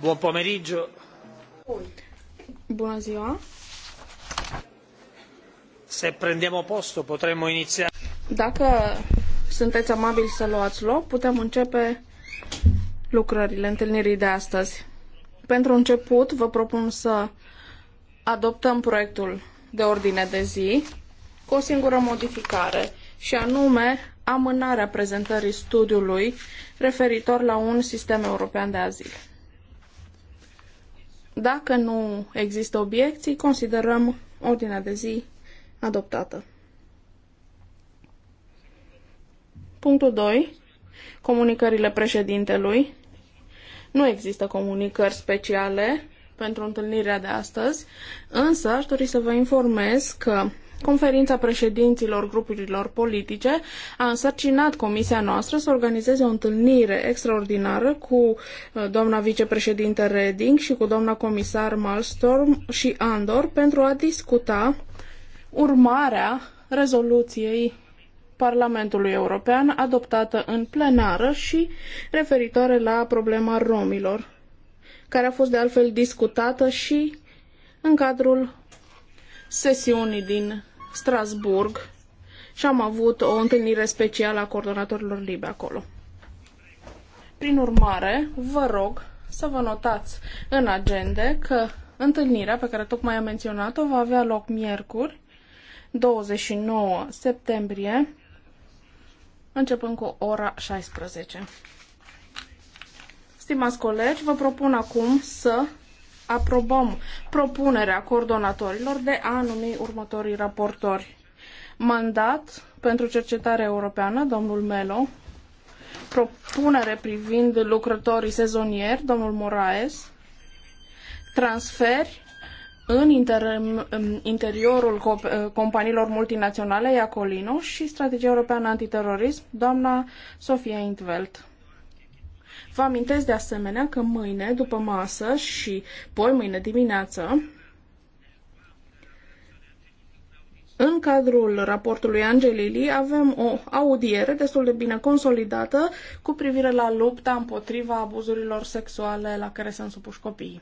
Buon pomeriggio. Bună ziua. Se prendiamo posto potremmo iniziare. Dacă sunteți amabili să luați loc, putem începe lucrările întâlnirii de astăzi. Pentru început, vă propun să adoptăm proiectul de ordine de zi cu o singură modificare, și anume amânarea prezentării studiului referitor la un sistem european de azil. Dacă nu există obiecții, considerăm ordinea de zi adoptată. Punctul 2. Comunicările președintelui. Nu există comunicări speciale pentru întâlnirea de astăzi, însă aș dori să vă informez că Conferința președinților grupurilor politice a însărcinat comisia noastră să organizeze o întâlnire extraordinară cu uh, doamna vicepreședinte Reding și cu doamna comisar Malmström și Andor pentru a discuta urmarea rezoluției Parlamentului European adoptată în plenară și referitoare la problema romilor, care a fost de altfel discutată și în cadrul sesiunii din Strasburg și am avut o întâlnire specială a coordonatorilor libe acolo. Prin urmare, vă rog să vă notați în agende că întâlnirea pe care tocmai am menționat-o va avea loc miercuri, 29 septembrie, începând cu ora 16. Stimați colegi, vă propun acum să aprobăm propunerea coordonatorilor de a numi următorii raportori. Mandat pentru cercetare europeană, domnul Melo. Propunere privind lucrătorii sezonieri, domnul Moraes. Transferi în, inter, interiorul eh, companiilor multinaționale, Iacolino, și strategia europeană antiterorism, doamna Sofia Intveld. Vă amintesc de asemenea că mâine, după masă și poi mâine dimineață, În cadrul raportului Angelili avem o audiere destul de bine consolidată cu privire la lupta împotriva abuzurilor sexuale la care sunt supuși copiii.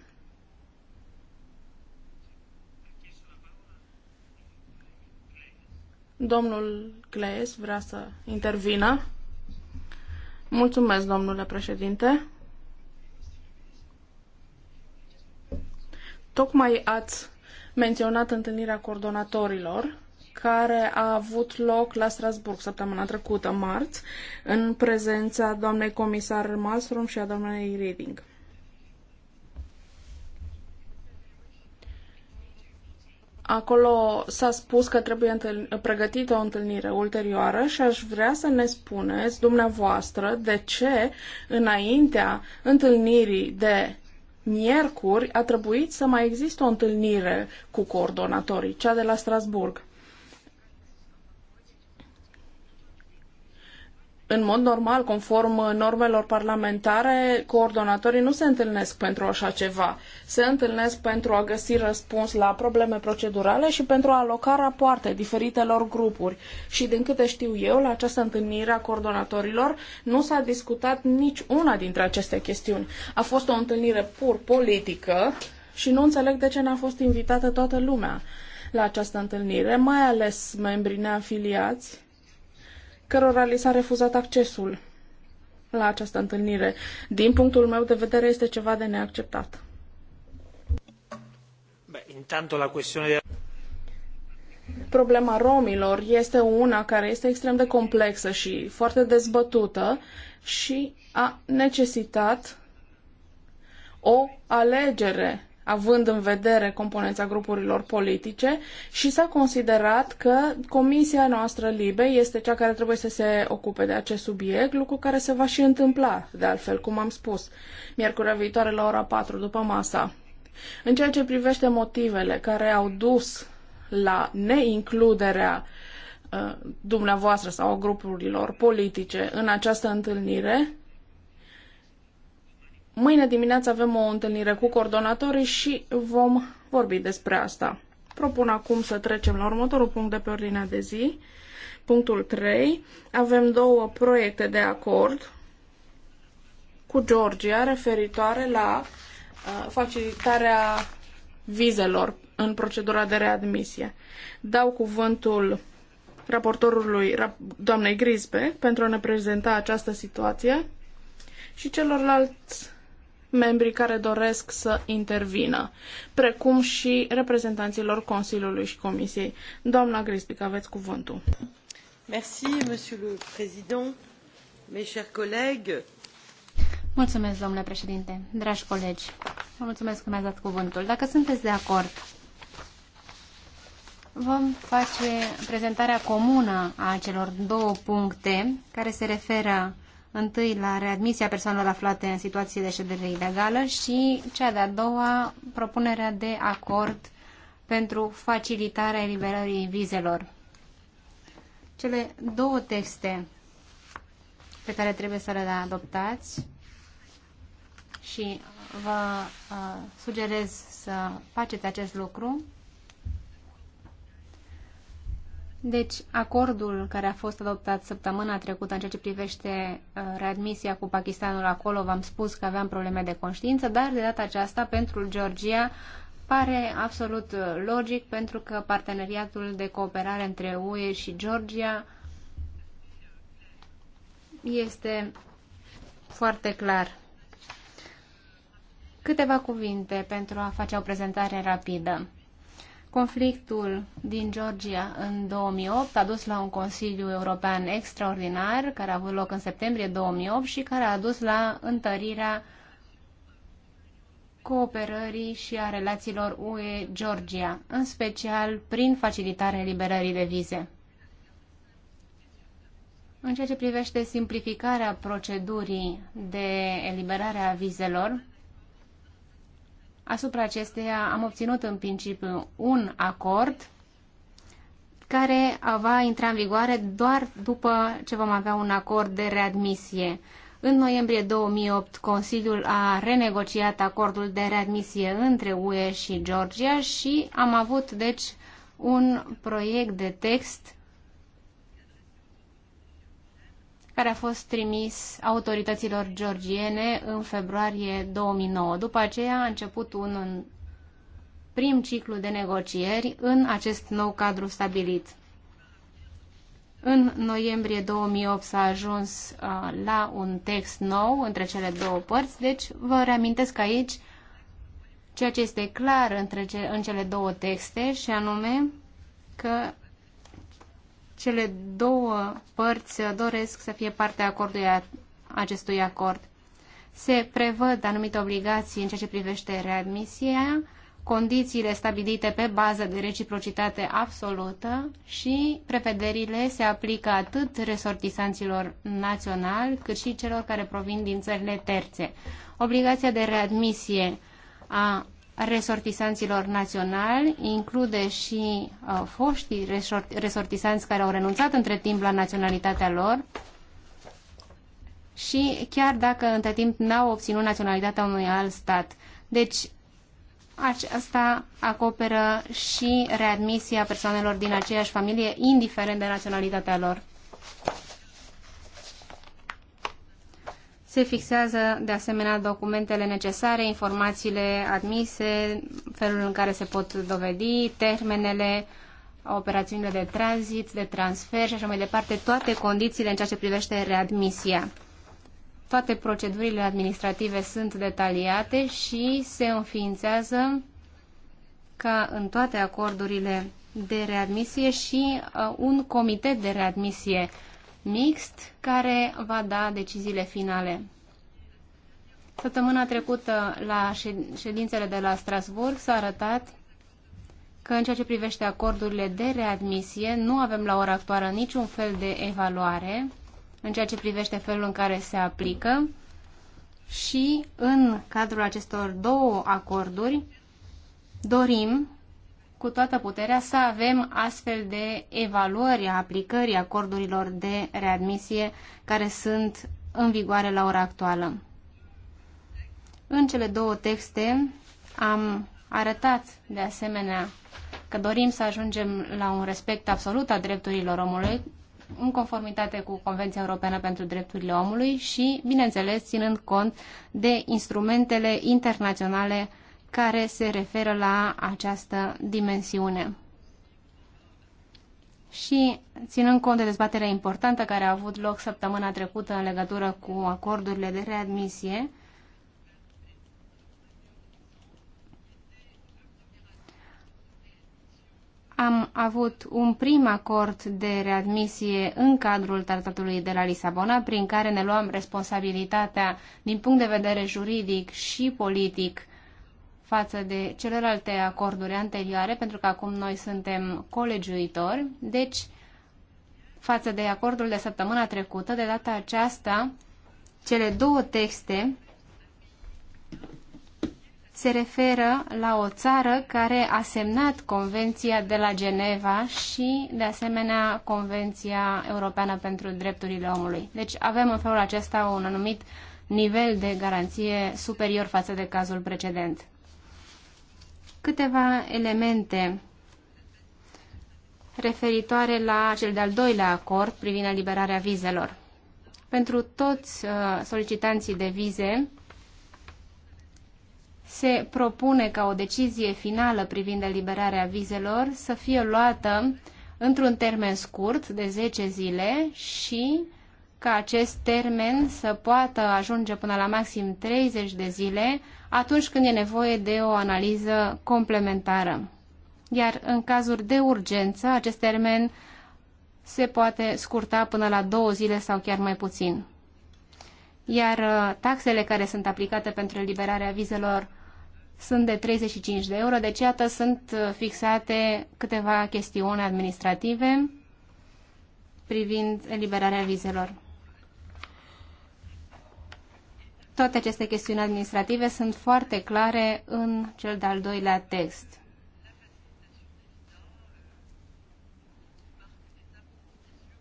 Domnul Glees vrea să intervină. Mulțumesc, domnule președinte. Tocmai ați menționat întâlnirea coordonatorilor care a avut loc la Strasburg săptămâna trecută, marți, în prezența doamnei comisar Malmström și a doamnei Reding. Acolo s-a spus că trebuie pregătită o întâlnire ulterioară și aș vrea să ne spuneți dumneavoastră de ce înaintea întâlnirii de miercuri a trebuit să mai există o întâlnire cu coordonatorii, cea de la Strasburg. în mod normal, conform normelor parlamentare, coordonatorii nu se întâlnesc pentru așa ceva. Se întâlnesc pentru a găsi răspuns la probleme procedurale și pentru a aloca rapoarte diferitelor grupuri. Și din câte știu eu, la această întâlnire a coordonatorilor nu s-a discutat nici una dintre aceste chestiuni. A fost o întâlnire pur politică și nu înțeleg de ce n-a fost invitată toată lumea la această întâlnire, mai ales membrii neafiliați cărora li s-a refuzat accesul la această întâlnire. Din punctul meu de vedere este ceva de neacceptat. Beh, intanto la questione Problema romilor este una care este extrem de complexă și foarte dezbătută și a necesitat o alegere având în vedere componența grupurilor politice și s-a considerat că comisia noastră LIBE este cea care trebuie să se ocupe de acest subiect, lucru care se va și întâmpla, de altfel, cum am spus, miercurea viitoare la ora 4 după masa. În ceea ce privește motivele care au dus la neincluderea uh, dumneavoastră sau a grupurilor politice în această întâlnire, Mâine dimineață avem o întâlnire cu coordonatorii și vom vorbi despre asta. Propun acum să trecem la următorul punct de pe ordinea de zi. Punctul 3. Avem două proiecte de acord cu Georgia referitoare la uh, facilitarea vizelor în procedura de readmisie. Dau cuvântul raportorului doamnei Grisbe pentru a ne prezenta această situație și celorlalți membrii care doresc să intervină, precum și reprezentanților Consiliului și Comisiei. Doamna Grisbic, aveți cuvântul. Merci, monsieur le président, mes chers collègues. Mulțumesc, domnule președinte, dragi colegi. Vă mulțumesc că mi-ați dat cuvântul. Dacă sunteți de acord, vom face prezentarea comună a celor două puncte care se referă întâi la readmisia persoanelor aflate în situații de ședere ilegală și cea de-a doua, propunerea de acord pentru facilitarea eliberării vizelor. Cele două texte pe care trebuie să le adoptați și vă uh, sugerez să faceți acest lucru Deci, acordul care a fost adoptat săptămâna trecută în ceea ce privește uh, readmisia cu Pakistanul acolo, v-am spus că aveam probleme de conștiință, dar de data aceasta, pentru Georgia, pare absolut uh, logic pentru că parteneriatul de cooperare între UE și Georgia este foarte clar. Câteva cuvinte pentru a face o prezentare rapidă. Conflictul din Georgia în 2008 a dus la un Consiliu European extraordinar care a avut loc în septembrie 2008 și care a dus la întărirea cooperării și a relațiilor UE-Georgia, în special prin facilitarea eliberării de vize. În ceea ce privește simplificarea procedurii de eliberare a vizelor, Asupra acesteia am obținut în principiu un acord care va intra în vigoare doar după ce vom avea un acord de readmisie. În noiembrie 2008, Consiliul a renegociat acordul de readmisie între UE și Georgia și am avut, deci, un proiect de text care a fost trimis autorităților georgiene în februarie 2009. După aceea a început un prim ciclu de negocieri în acest nou cadru stabilit. În noiembrie 2008 s-a ajuns uh, la un text nou între cele două părți, deci vă reamintesc aici ceea ce este clar între ce, în cele două texte și anume că cele două părți doresc să fie parte a acordului acestui acord. Se prevăd anumite obligații în ceea ce privește readmisia, condițiile stabilite pe bază de reciprocitate absolută și prevederile se aplică atât resortisanților naționali cât și celor care provin din țările terțe. Obligația de readmisie a resortisanților naționali, include și uh, foștii resort, resortisanți care au renunțat între timp la naționalitatea lor și chiar dacă între timp n-au obținut naționalitatea unui alt stat. Deci, aceasta acoperă și readmisia persoanelor din aceeași familie, indiferent de naționalitatea lor. Se fixează, de asemenea, documentele necesare, informațiile admise, felul în care se pot dovedi, termenele, operațiunile de tranzit, de transfer și așa mai departe, toate condițiile în ceea ce privește readmisia. Toate procedurile administrative sunt detaliate și se înființează ca în toate acordurile de readmisie și uh, un comitet de readmisie mixt care va da deciziile finale. Săptămâna trecută, la ședințele de la Strasburg, s-a arătat că în ceea ce privește acordurile de readmisie, nu avem la ora actuală niciun fel de evaluare în ceea ce privește felul în care se aplică și în cadrul acestor două acorduri dorim cu toată puterea să avem astfel de evaluări a aplicării acordurilor de readmisie care sunt în vigoare la ora actuală. În cele două texte am arătat de asemenea că dorim să ajungem la un respect absolut a drepturilor omului în conformitate cu Convenția Europeană pentru Drepturile Omului și, bineînțeles, ținând cont de instrumentele internaționale care se referă la această dimensiune. Și ținând cont de dezbaterea importantă care a avut loc săptămâna trecută în legătură cu acordurile de readmisie, am avut un prim acord de readmisie în cadrul tratatului de la Lisabona, prin care ne luam responsabilitatea din punct de vedere juridic și politic față de celelalte acorduri anterioare, pentru că acum noi suntem colegiuitori, deci față de acordul de săptămâna trecută, de data aceasta, cele două texte se referă la o țară care a semnat Convenția de la Geneva și, de asemenea, Convenția Europeană pentru Drepturile Omului. Deci avem în felul acesta un anumit nivel de garanție superior față de cazul precedent câteva elemente referitoare la cel de-al doilea acord privind eliberarea vizelor. Pentru toți uh, solicitanții de vize se propune ca o decizie finală privind eliberarea vizelor să fie luată într-un termen scurt de 10 zile și ca acest termen să poată ajunge până la maxim 30 de zile atunci când e nevoie de o analiză complementară. Iar în cazuri de urgență, acest termen se poate scurta până la două zile sau chiar mai puțin. Iar uh, taxele care sunt aplicate pentru eliberarea vizelor sunt de 35 de euro, deci iată sunt uh, fixate câteva chestiuni administrative privind eliberarea vizelor. Toate aceste chestiuni administrative sunt foarte clare în cel de-al doilea text.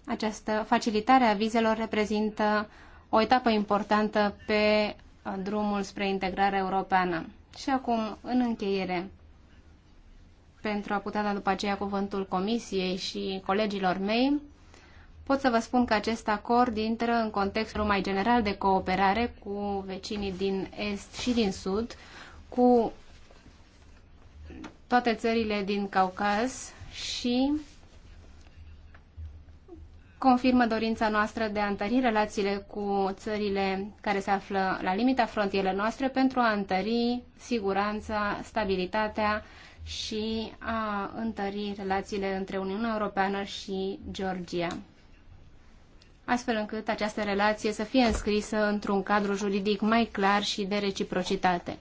Această facilitare a vizelor reprezintă o etapă importantă pe drumul spre integrarea europeană. Și acum, în încheiere, pentru a putea da după aceea cuvântul Comisiei și colegilor mei, pot să vă spun că acest acord intră în contextul mai general de cooperare cu vecinii din Est și din Sud, cu toate țările din Caucaz și confirmă dorința noastră de a întări relațiile cu țările care se află la limita frontierelor noastre pentru a întări siguranța, stabilitatea și a întări relațiile între Uniunea Europeană și Georgia astfel încât această relație să fie înscrisă într-un cadru juridic mai clar și de reciprocitate.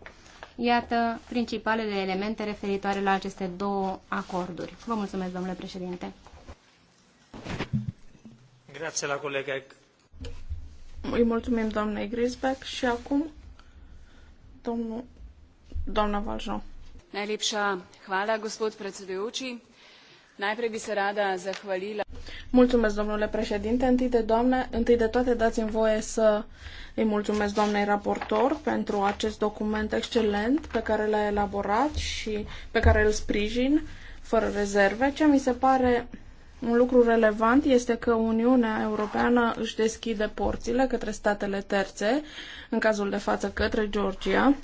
Iată principalele elemente referitoare la aceste două acorduri. Vă mulțumesc, domnule președinte. Grație la colega. Îi mulțumim doamnei Grisbeck și acum domnul, doamna Valjean. Najlepša hvala, gospod predsedujoči. Najprej bi se rada zahvalila. Mulțumesc, domnule președinte. Întâi de, doamne, întâi de toate dați-mi voie să îi mulțumesc doamnei raportor pentru acest document excelent pe care l-a elaborat și pe care îl sprijin fără rezerve. Ce mi se pare un lucru relevant este că Uniunea Europeană își deschide porțile către statele terțe, în cazul de față către Georgia,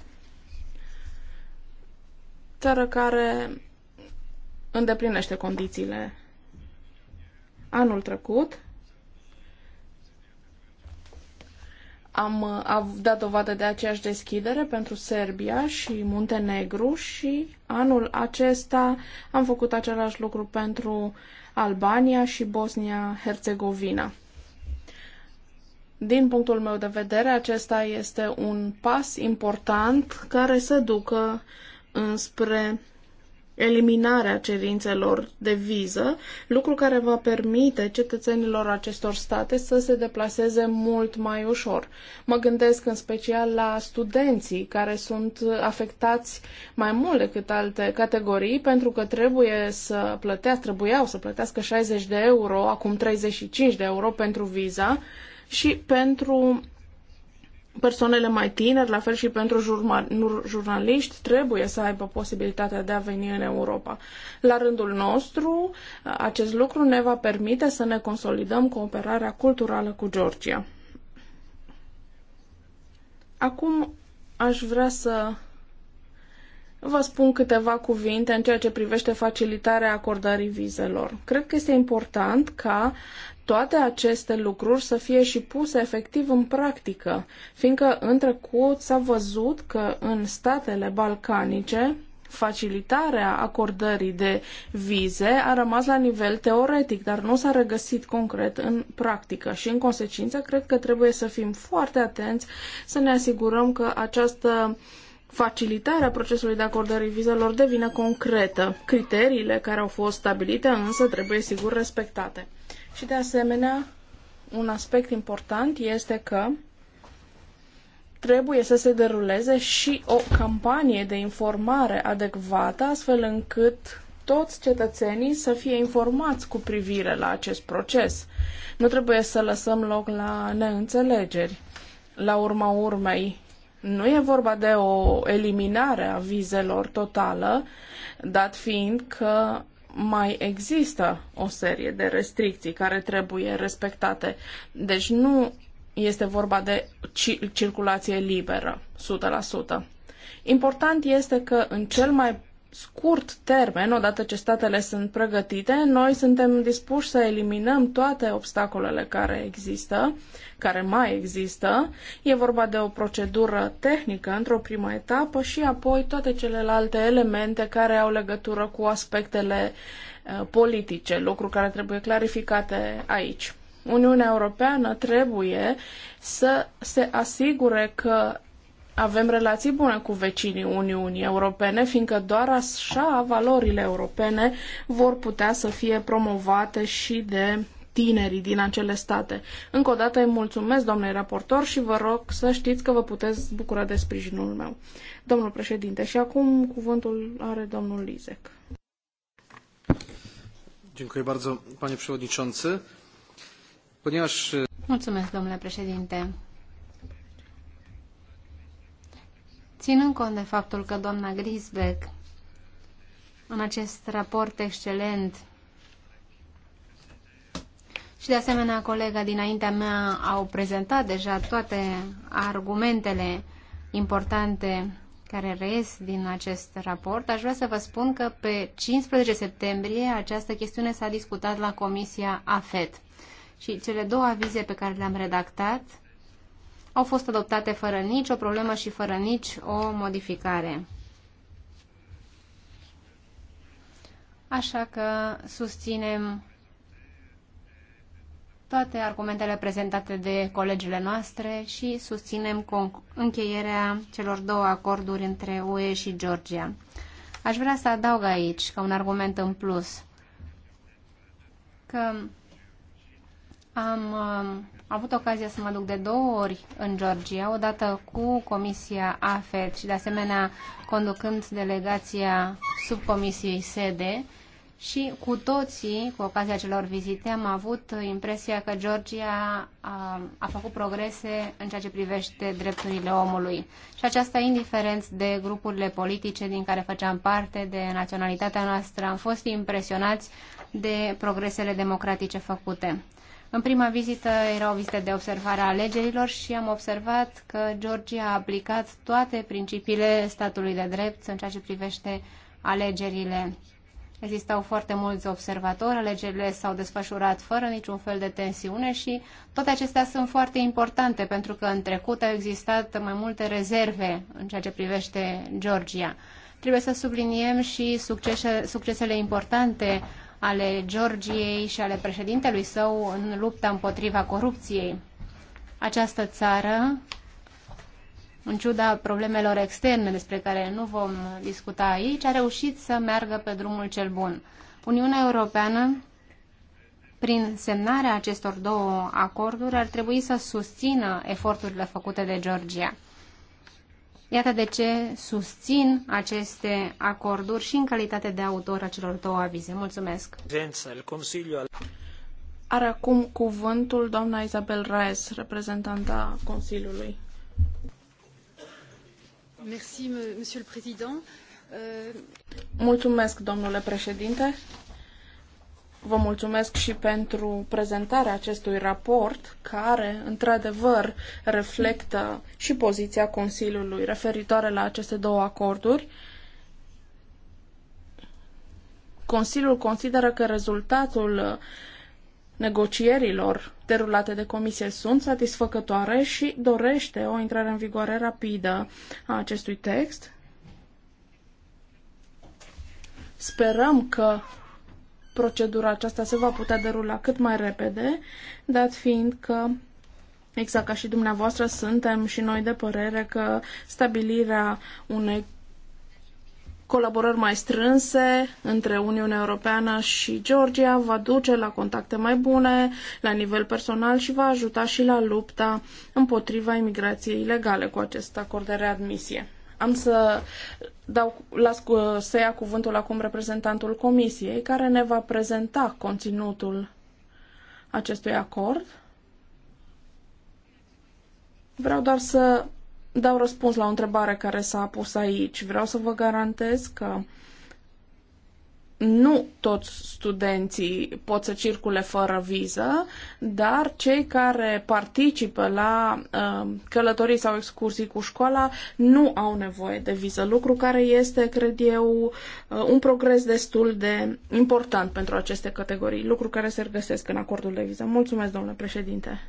țară care îndeplinește condițiile anul trecut am, uh, dat dovadă de aceeași deschidere pentru Serbia și Muntenegru și anul acesta am făcut același lucru pentru Albania și Bosnia-Herzegovina. Din punctul meu de vedere, acesta este un pas important care se ducă înspre eliminarea cerințelor de viză, lucru care va permite cetățenilor acestor state să se deplaseze mult mai ușor. Mă gândesc în special la studenții care sunt afectați mai mult decât alte categorii pentru că trebuie să plătească, trebuiau să plătească 60 de euro, acum 35 de euro pentru viza și pentru persoanele mai tineri, la fel și pentru jurnaliști, trebuie să aibă posibilitatea de a veni în Europa. La rândul nostru, acest lucru ne va permite să ne consolidăm cooperarea culturală cu Georgia. Acum aș vrea să vă spun câteva cuvinte în ceea ce privește facilitarea acordării vizelor. Cred că este important ca toate aceste lucruri să fie și puse efectiv în practică, fiindcă în trecut s-a văzut că în statele balcanice facilitarea acordării de vize a rămas la nivel teoretic, dar nu s-a regăsit concret în practică și, în consecință, cred că trebuie să fim foarte atenți să ne asigurăm că această facilitarea procesului de acordare vizelor devine concretă. Criteriile care au fost stabilite însă trebuie sigur respectate. Și de asemenea, un aspect important este că trebuie să se deruleze și o campanie de informare adecvată, astfel încât toți cetățenii să fie informați cu privire la acest proces. Nu trebuie să lăsăm loc la neînțelegeri. La urma urmei, nu e vorba de o eliminare a vizelor totală, dat fiind că mai există o serie de restricții care trebuie respectate. Deci nu este vorba de circulație liberă, 100%. Important este că în cel mai scurt termen, odată ce statele sunt pregătite, noi suntem dispuși să eliminăm toate obstacolele care există, care mai există. E vorba de o procedură tehnică într-o primă etapă și apoi toate celelalte elemente care au legătură cu aspectele uh, politice, lucru care trebuie clarificate aici. Uniunea Europeană trebuie să se asigure că avem relații bune cu vecinii Uniunii Europene, fiindcă doar așa valorile europene vor putea să fie promovate și de tinerii din acele state. Încă o dată îi mulțumesc, domnule raportor, și vă rog să știți că vă puteți bucura de sprijinul meu. Domnul președinte, și acum cuvântul are domnul Lizec. Dziękuję bardzo, panie przewodniczący. Ponieważ... Mulțumesc, domnule președinte. Ținând cont de faptul că doamna Grisbeck, în acest raport excelent, și de asemenea colega dinaintea mea au prezentat deja toate argumentele importante care reies din acest raport, aș vrea să vă spun că pe 15 septembrie această chestiune s-a discutat la Comisia AFET. Și cele două avize pe care le-am redactat au fost adoptate fără nicio problemă și fără nici o modificare. Așa că susținem toate argumentele prezentate de colegile noastre și susținem încheierea celor două acorduri între UE și Georgia. Aș vrea să adaug aici, ca un argument în plus, că am um, am avut ocazia să mă duc de două ori în Georgia, odată cu Comisia AFET și de asemenea conducând delegația subcomisiei SEDE și cu toții, cu ocazia celor vizite, am avut impresia că Georgia a, a făcut progrese în ceea ce privește drepturile omului. Și aceasta indiferent de grupurile politice din care făceam parte, de naționalitatea noastră, am fost impresionați de progresele democratice făcute. În prima vizită era o vizită de observare a alegerilor și am observat că Georgia a aplicat toate principiile statului de drept în ceea ce privește alegerile. Existau foarte mulți observatori, alegerile s-au desfășurat fără niciun fel de tensiune și toate acestea sunt foarte importante pentru că în trecut au existat mai multe rezerve în ceea ce privește Georgia. Trebuie să subliniem și succesele importante ale Georgiei și ale președintelui său în lupta împotriva corupției. Această țară, în ciuda problemelor externe despre care nu vom discuta aici, a reușit să meargă pe drumul cel bun. Uniunea Europeană, prin semnarea acestor două acorduri, ar trebui să susțină eforturile făcute de Georgia. Iată de ce susțin aceste acorduri și în calitate de autor a celor două avize. Mulțumesc! Are acum cuvântul doamna Isabel Raes, reprezentanta Consiliului. Euh, Mulțumesc, domnule președinte. Vă mulțumesc și pentru prezentarea acestui raport, care, într-adevăr, reflectă și poziția Consiliului referitoare la aceste două acorduri. Consiliul consideră că rezultatul negocierilor derulate de comisie sunt satisfăcătoare și dorește o intrare în vigoare rapidă a acestui text. Sperăm că procedura aceasta se va putea derula cât mai repede, dat fiind că Exact ca și dumneavoastră, suntem și noi de părere că stabilirea unei colaborări mai strânse între Uniunea Europeană și Georgia va duce la contacte mai bune la nivel personal și va ajuta și la lupta împotriva imigrației ilegale cu acest acord de readmisie. Am să dau, las să ia cuvântul acum reprezentantul Comisiei, care ne va prezenta conținutul acestui acord. Vreau doar să dau răspuns la o întrebare care s-a pus aici. Vreau să vă garantez că uh, nu toți studenții pot să circule fără viză, dar cei care participă la uh, călătorii sau excursii cu școala nu au nevoie de viză, lucru care este, cred eu, uh, un progres destul de important pentru aceste categorii, lucru care se regăsesc în acordul de viză. Mulțumesc, domnule președinte.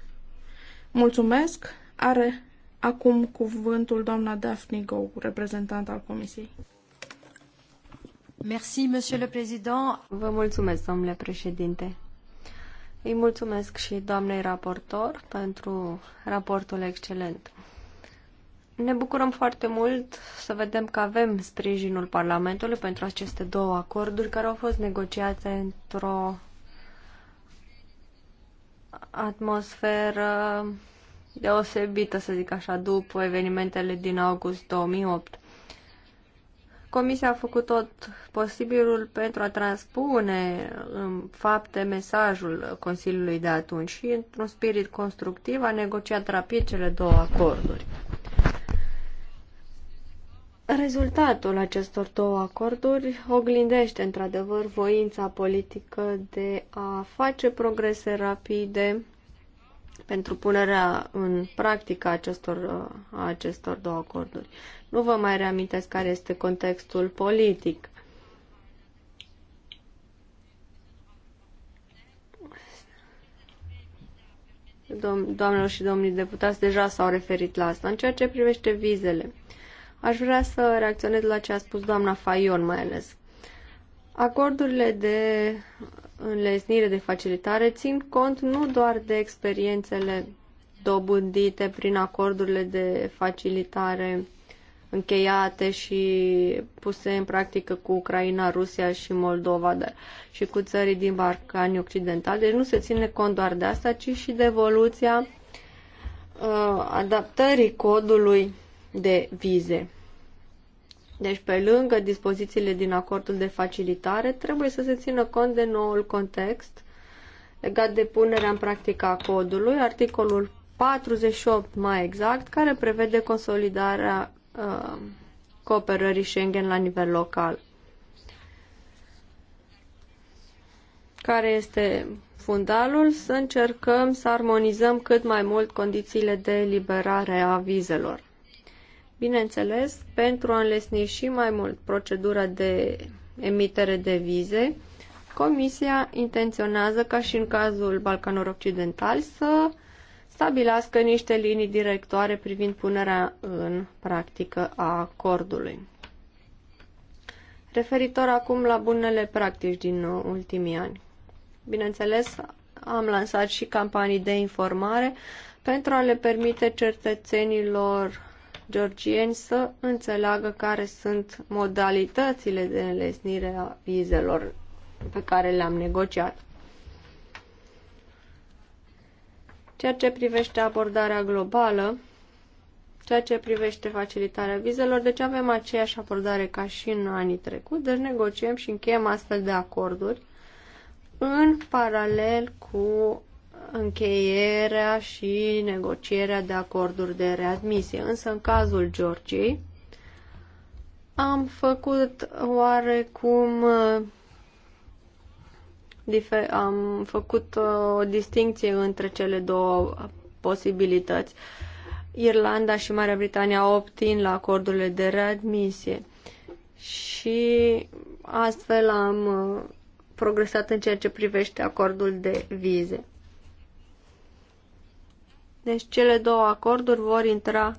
Mulțumesc. Are acum cuvântul doamna Daphne Go, reprezentant al Comisiei. Merci, Monsieur le Président. Vă mulțumesc, domnule președinte. Îi mulțumesc și doamnei raportor pentru raportul excelent. Ne bucurăm foarte mult să vedem că avem sprijinul Parlamentului pentru aceste două acorduri care au fost negociate într-o atmosferă deosebită, să zic așa, după evenimentele din august 2008. Comisia a făcut tot posibilul pentru a transpune în fapte mesajul Consiliului de atunci și, într-un spirit constructiv, a negociat rapid cele două acorduri. Rezultatul acestor două acorduri oglindește într-adevăr voința politică de a face progrese rapide pentru punerea în practică acestor, acestor două acorduri. Nu vă mai reamintesc care este contextul politic. doamnelor și domnii deputați deja s-au referit la asta. În ceea ce privește vizele, aș vrea să reacționez la ce a spus doamna Fayon mai ales. Acordurile de înlesnire, de facilitare țin cont nu doar de experiențele dobândite prin acordurile de facilitare încheiate și puse în practică cu Ucraina, Rusia și Moldova dar și cu țării din Barcani occidental. Deci nu se ține cont doar de asta, ci și de evoluția uh, adaptării codului de vize. Deci, pe lângă dispozițiile din acordul de facilitare, trebuie să se țină cont de noul context legat de punerea în practică a codului, articolul 48 mai exact, care prevede consolidarea Uh, cooperării Schengen la nivel local, care este fundalul să încercăm să armonizăm cât mai mult condițiile de eliberare a vizelor. Bineînțeles, pentru a înlesni și mai mult procedura de emitere de vize, Comisia intenționează ca și în cazul Balcanor Occidental să uh, stabilească niște linii directoare privind punerea în practică a acordului. Referitor acum la bunele practici din ultimii ani. Bineînțeles, am lansat și campanii de informare pentru a le permite cetățenilor georgieni să înțeleagă care sunt modalitățile de înlesnire a vizelor pe care le-am negociat. ceea ce privește abordarea globală, ceea ce privește facilitarea vizelor, deci avem aceeași abordare ca și în anii trecuți, deci negociem și încheiem astfel de acorduri în paralel cu încheierea și negocierea de acorduri de readmisie. Însă în cazul Georgiei am făcut oarecum am făcut uh, o distinție între cele două posibilități. Irlanda și Marea Britanie au obțin la acordurile de readmisie și astfel am uh, progresat în ceea ce privește acordul de vize. Deci cele două acorduri vor intra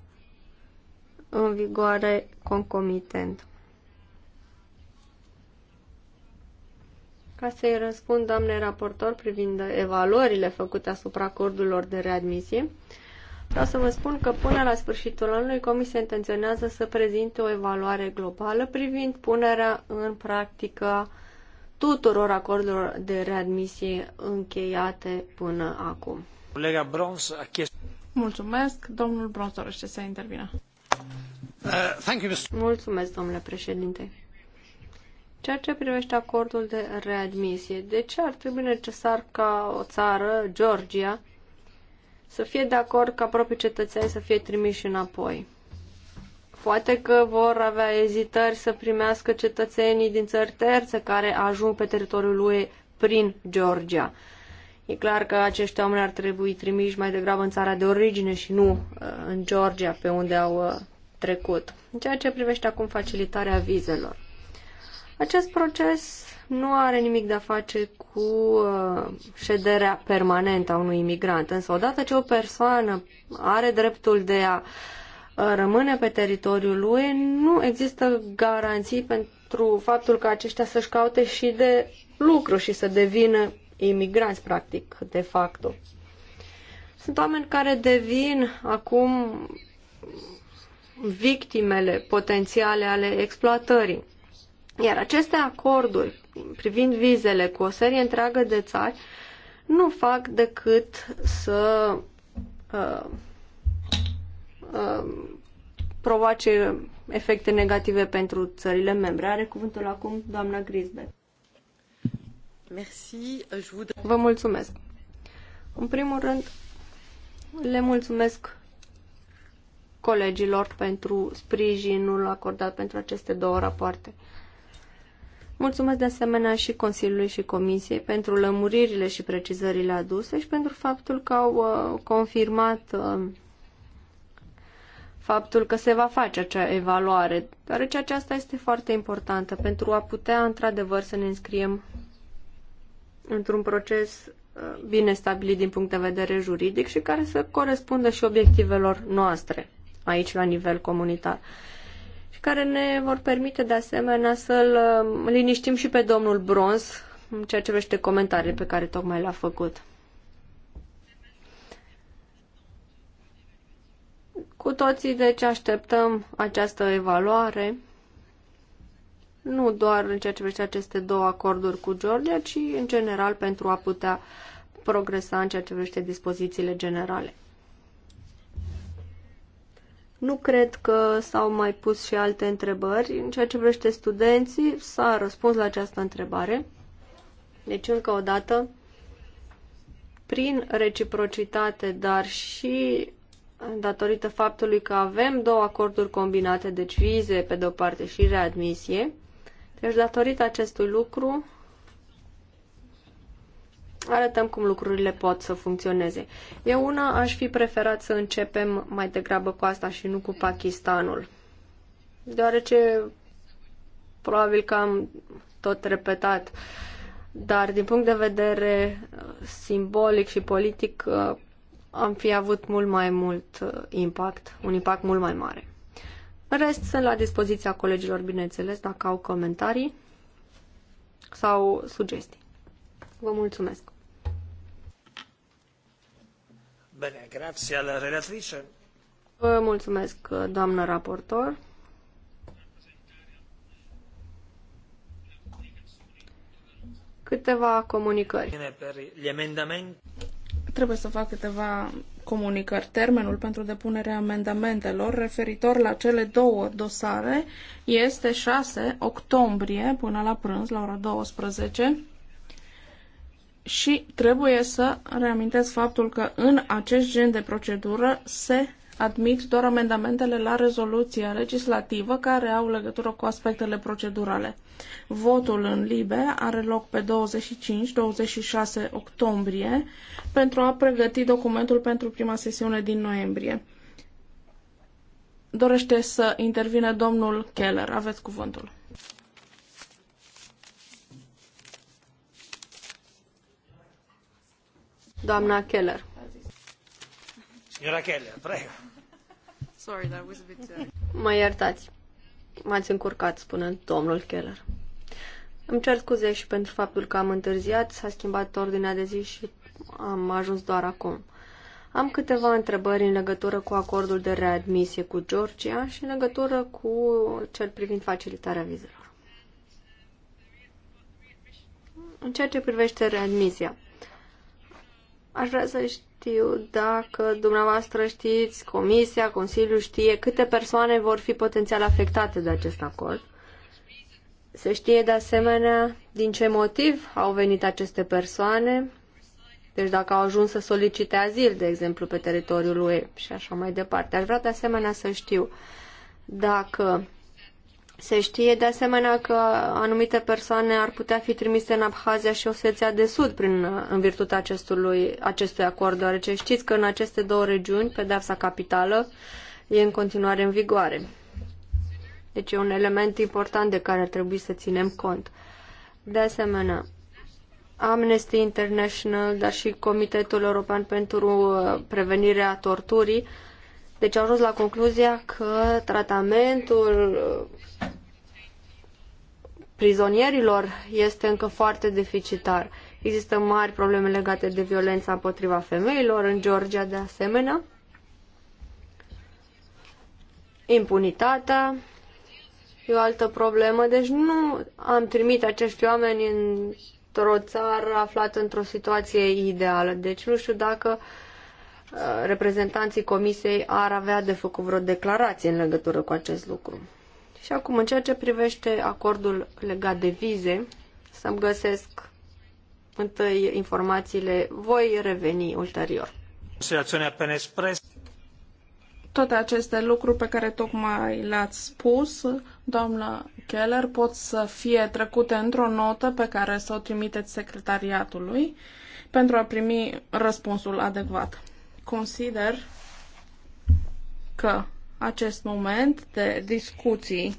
în vigoare concomitent. Ca să-i răspund, doamnei raportor, privind evaluările făcute asupra acordurilor de readmisie, vreau să vă spun că până la sfârșitul anului Comisia intenționează să prezinte o evaluare globală privind punerea în practică tuturor acordurilor de readmisie încheiate până acum. Colega Brons a chest... Mulțumesc. Domnul Brons dorește să intervină. Uh, thank you, Mr. Mulțumesc, domnule președinte. Ceea ce privește acordul de readmisie, de ce ar trebui necesar ca o țară, Georgia, să fie de acord ca proprii cetățeni să fie trimiși înapoi? Poate că vor avea ezitări să primească cetățenii din țări terțe care ajung pe teritoriul lui prin Georgia. E clar că acești oameni ar trebui trimiși mai degrabă în țara de origine și nu uh, în Georgia, pe unde au uh, trecut. În ceea ce privește acum facilitarea vizelor. Acest proces nu are nimic de a face cu uh, șederea permanentă a unui imigrant, însă odată ce o persoană are dreptul de a uh, rămâne pe teritoriul lui, nu există garanții pentru faptul că aceștia să-și caute și de lucru și să devină imigranți, practic, de facto. Sunt oameni care devin acum victimele potențiale ale exploatării. Iar aceste acorduri privind vizele cu o serie întreagă de țari nu fac decât să uh, uh, provoace efecte negative pentru țările membre. Are cuvântul acum doamna Grisbeck. Vă mulțumesc. În primul rând, le mulțumesc colegilor pentru sprijinul acordat pentru aceste două rapoarte. Mulțumesc de asemenea și Consiliului și Comisiei pentru lămuririle și precizările aduse și pentru faptul că au uh, confirmat uh, faptul că se va face acea evaluare, deoarece aceasta este foarte importantă pentru a putea într-adevăr să ne înscriem într-un proces uh, bine stabilit din punct de vedere juridic și care să corespundă și obiectivelor noastre aici la nivel comunitar care ne vor permite de asemenea să-l uh, liniștim și pe domnul Bronz în ceea ce vește comentariile pe care tocmai le-a făcut. Cu toții, deci, așteptăm această evaluare, nu doar în ceea ce privește aceste două acorduri cu Georgia, ci în general pentru a putea progresa în ceea ce privește dispozițiile generale. Nu cred că s-au mai pus și alte întrebări. În ceea ce vrește studenții, s-a răspuns la această întrebare. Deci, încă o dată, prin reciprocitate, dar și datorită faptului că avem două acorduri combinate, deci vize pe de o parte și readmisie, deci datorită acestui lucru arătăm cum lucrurile pot să funcționeze. Eu una aș fi preferat să începem mai degrabă cu asta și nu cu Pakistanul. Deoarece probabil că am tot repetat, dar din punct de vedere uh, simbolic și politic uh, am fi avut mult mai mult uh, impact, un impact mult mai mare. În rest, sunt la dispoziția colegilor, bineînțeles, dacă au comentarii sau sugestii. Vă mulțumesc! Bine, grație la relatrice. Vă mulțumesc, doamnă raportor. Câteva comunicări. Trebuie să fac câteva comunicări. Termenul pentru depunerea amendamentelor referitor la cele două dosare este 6 octombrie până la prânz, la ora 12 și trebuie să reamintesc faptul că în acest gen de procedură se admit doar amendamentele la rezoluția legislativă care au legătură cu aspectele procedurale. Votul în LIBE are loc pe 25-26 octombrie pentru a pregăti documentul pentru prima sesiune din noiembrie. Dorește să intervine domnul Keller. Aveți cuvântul. Doamna Keller. Doamna Keller, prego. Sorry, that was a bit... Uh, mă iertați. M-ați încurcat, spune domnul Keller. Îmi cer scuze și pentru faptul că am întârziat, s-a schimbat ordinea de zi și am ajuns doar acum. Am câteva întrebări în legătură cu acordul de readmisie cu Georgia și în legătură cu cel privind facilitarea vizelor. În ceea ce privește readmisia, Aș vrea să știu dacă dumneavoastră știți, Comisia, Consiliul știe câte persoane vor fi potențial afectate de acest acord. Se știe de asemenea din ce motiv au venit aceste persoane, deci dacă au ajuns să solicite azil, de exemplu, pe teritoriul UE și așa mai departe. Aș vrea de asemenea să știu dacă se știe de asemenea că anumite persoane ar putea fi trimise în Abhazia și Oseția de Sud prin, uh, în virtutea acestui, acestui acord, deoarece știți că în aceste două regiuni pedeapsa capitală e în continuare în vigoare. Deci e un element important de care ar trebui să ținem cont. De asemenea, Amnesty International, dar și Comitetul European pentru uh, Prevenirea Torturii, uh, deci au ajuns la concluzia că tratamentul uh, prizonierilor este încă foarte deficitar. Există mari probleme legate de violența împotriva femeilor, în Georgia de asemenea, impunitatea e o altă problemă, deci nu am trimit acești oameni într-o țară aflată într-o situație ideală. Deci nu știu dacă uh, reprezentanții comisiei ar avea de făcut vreo declarație în legătură cu acest lucru. Și acum, în ceea ce privește acordul legat de vize, să-mi găsesc întâi informațiile, voi reveni ulterior. Toate aceste lucruri pe care tocmai le-ați spus, doamnă Keller, pot să fie trecute într-o notă pe care să o trimiteți secretariatului pentru a primi răspunsul adecvat. Consider că acest moment de discuții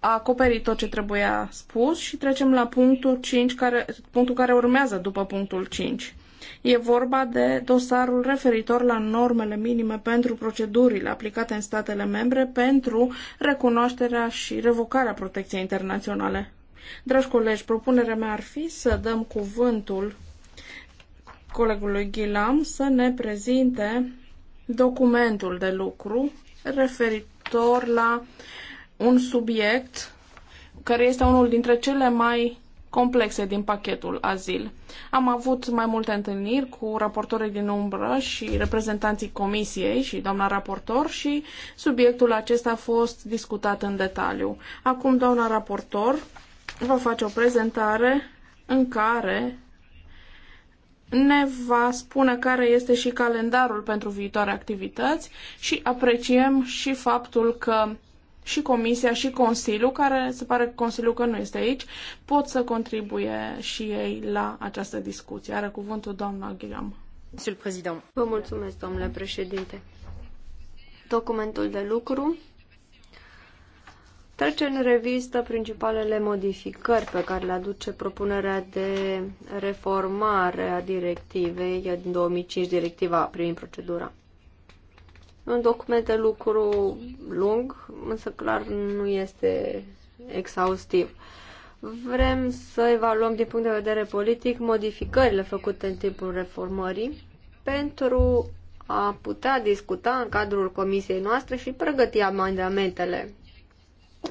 a acoperit tot ce trebuia spus și trecem la punctul 5, care, punctul care urmează după punctul 5. E vorba de dosarul referitor la normele minime pentru procedurile aplicate în statele membre pentru recunoașterea și revocarea protecției internaționale. Dragi colegi, propunerea mea ar fi să dăm cuvântul colegului Ghilam să ne prezinte documentul de lucru referitor la un subiect care este unul dintre cele mai complexe din pachetul azil. Am avut mai multe întâlniri cu raportorii din umbră și reprezentanții comisiei și doamna raportor și subiectul acesta a fost discutat în detaliu. Acum doamna raportor va face o prezentare în care ne va spune care este și calendarul pentru viitoare activități și apreciem și faptul că și Comisia și Consiliul, care se pare că Consiliul că nu este aici, pot să contribuie și ei la această discuție. Are cuvântul doamna Ghilam. Vă mulțumesc, domnule președinte. Documentul de lucru trece în revistă principalele modificări pe care le aduce propunerea de reformare a directivei din 2005, directiva privind procedura. Un document de lucru lung, însă clar nu este exhaustiv. Vrem să evaluăm din punct de vedere politic modificările făcute în timpul reformării pentru a putea discuta în cadrul comisiei noastre și pregăti amendamentele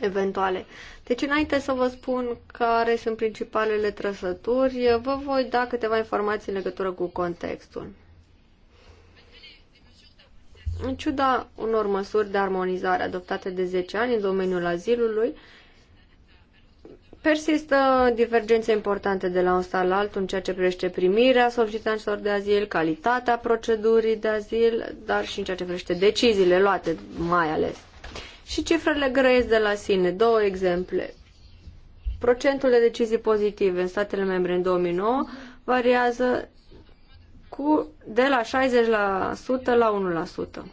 eventuale. Deci, înainte să vă spun care sunt principalele trăsături, vă voi da câteva informații în legătură cu contextul. În ciuda unor măsuri de armonizare adoptate de 10 ani în domeniul azilului, Persistă divergențe importante de la un stat la altul în ceea ce privește primirea solicitanților de azil, calitatea procedurii de azil, dar și în ceea ce privește deciziile luate, mai ales. Și cifrele grăiesc de la sine. Două exemple. Procentul de decizii pozitive în statele membre în 2009 variază cu de la 60% la 1%.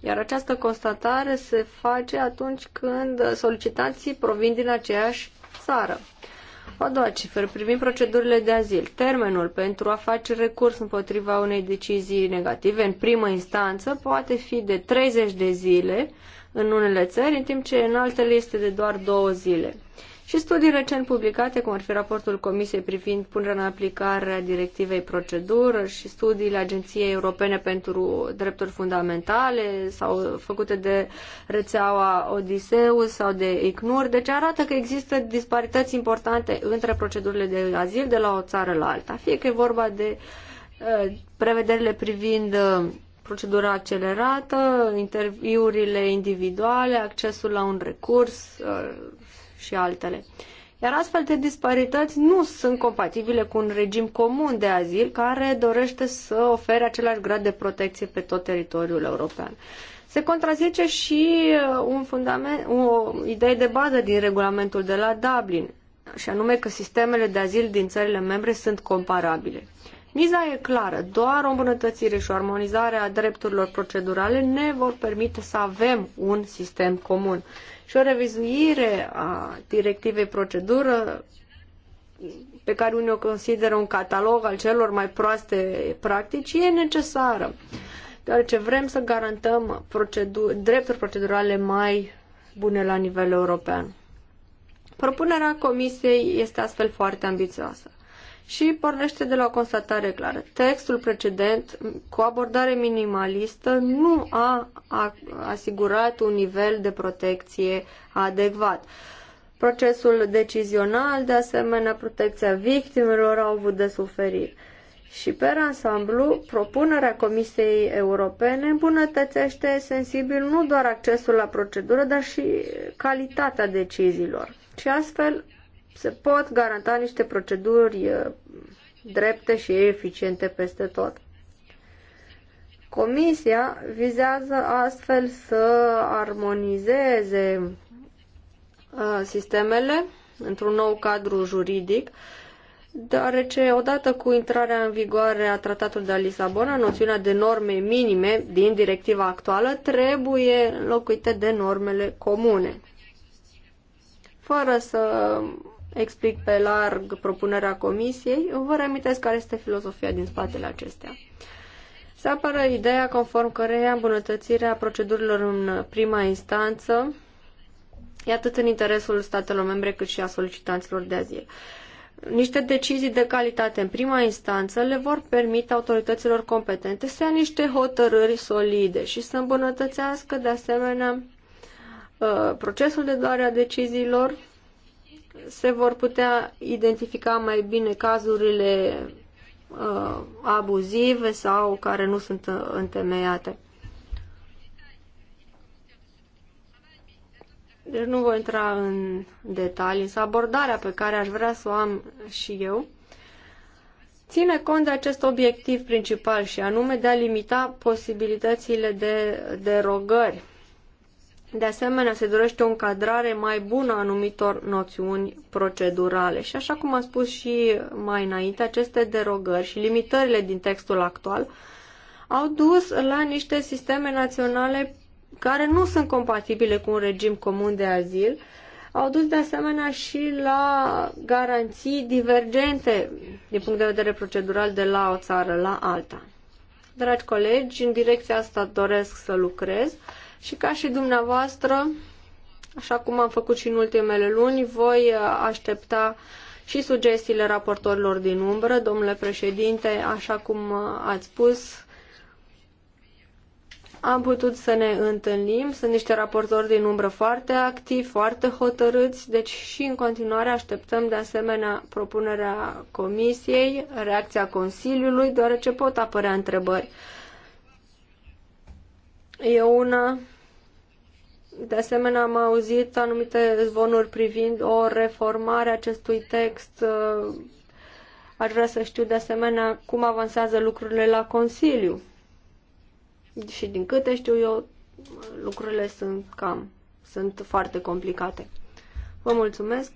Iar această constatare se face atunci când solicitanții provin din aceeași țară. O a doua cifră, privind procedurile de azil. Termenul pentru a face recurs împotriva unei decizii negative în primă instanță poate fi de 30 de zile în unele țări, în timp ce în altele este de doar două zile. Și studii recent publicate, cum ar fi raportul Comisiei privind punerea în aplicare a directivei procedură și studiile Agenției Europene pentru Drepturi Fundamentale sau făcute de rețeaua Odiseus sau de ICNUR, deci arată că există disparități importante între procedurile de azil de la o țară la alta. Fie că e vorba de uh, prevederile privind uh, procedura accelerată, interviurile individuale, accesul la un recurs uh, și altele. Iar astfel de disparități nu sunt compatibile cu un regim comun de azil care dorește să ofere același grad de protecție pe tot teritoriul european. Se contrazice și uh, un fundament, o idee de bază din regulamentul de la Dublin, și anume că sistemele de azil din țările membre sunt comparabile. Miza e clară, doar o îmbunătățire și o armonizare a drepturilor procedurale ne vor permite să avem un sistem comun. Și o revizuire a directivei procedură pe care unii o consideră un catalog al celor mai proaste practici, e necesară, deoarece vrem să garantăm procedu- drepturi procedurale mai bune la nivel european. Propunerea Comisiei este astfel foarte ambițioasă și pornește de la o constatare clară. Textul precedent, cu abordare minimalistă, nu a asigurat un nivel de protecție adecvat. Procesul decizional, de asemenea, protecția victimelor au avut de suferit. Și, pe ansamblu, propunerea Comisiei Europene îmbunătățește sensibil nu doar accesul la procedură, dar și calitatea deciziilor. Și astfel se pot garanta niște proceduri eh, drepte și eficiente peste tot. Comisia vizează astfel să armonizeze eh, sistemele într-un nou cadru juridic, deoarece odată cu intrarea în vigoare a Tratatului de la Lisabona, noțiunea de norme minime din directiva actuală trebuie înlocuită de normele comune, fără să explic pe larg propunerea comisiei, vă reamintesc care este filozofia din spatele acestea. Se apără ideea conform căreia îmbunătățirea procedurilor în prima instanță e atât în interesul statelor membre cât și a solicitanților de azil. Niște decizii de calitate în prima instanță le vor permite autorităților competente să ia niște hotărâri solide și să îmbunătățească de asemenea uh, procesul de luare a deciziilor se vor putea identifica mai bine cazurile uh, abuzive sau care nu sunt uh, întemeiate. Deci nu voi intra în detalii, însă abordarea pe care aș vrea să o am și eu ține cont de acest obiectiv principal și anume de a limita posibilitățile de derogări de asemenea, se dorește o încadrare mai bună a anumitor noțiuni procedurale și, așa cum am spus și mai înainte, aceste derogări și limitările din textul actual au dus la niște sisteme naționale care nu sunt compatibile cu un regim comun de azil, au dus de asemenea și la garanții divergente din punct de vedere procedural de la o țară la alta. Dragi colegi, în direcția asta doresc să lucrez și ca și dumneavoastră, așa cum am făcut și în ultimele luni, voi uh, aștepta și sugestiile raportorilor din umbră, domnule președinte, așa cum uh, ați spus, am putut să ne întâlnim. Sunt niște raportori din umbră foarte activi, foarte hotărâți, deci și în continuare așteptăm de asemenea propunerea Comisiei, reacția Consiliului, deoarece pot apărea întrebări. E una de asemenea, am auzit anumite zvonuri privind o reformare a acestui text. Aș vrea să știu, de asemenea, cum avansează lucrurile la Consiliu. Și din câte știu eu, lucrurile sunt cam, sunt foarte complicate. Vă mulțumesc.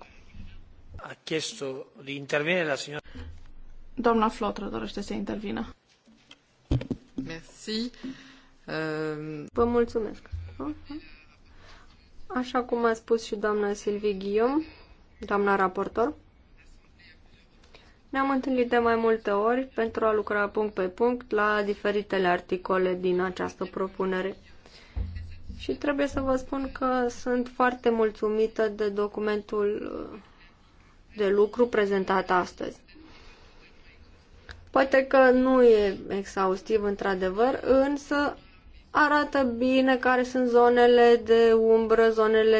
A chiesto de intervine la signora... Doamna Flotră dorește să intervină. Merci. Ehm. Vă mulțumesc. Uh-huh. Așa cum a spus și doamna Silvie Ghiom, doamna raportor, ne-am întâlnit de mai multe ori pentru a lucra punct pe punct la diferitele articole din această propunere. Și trebuie să vă spun că sunt foarte mulțumită de documentul uh, de lucru prezentat astăzi. Poate că nu e exhaustiv într-adevăr, însă arată bine care sunt zonele de umbră, zonele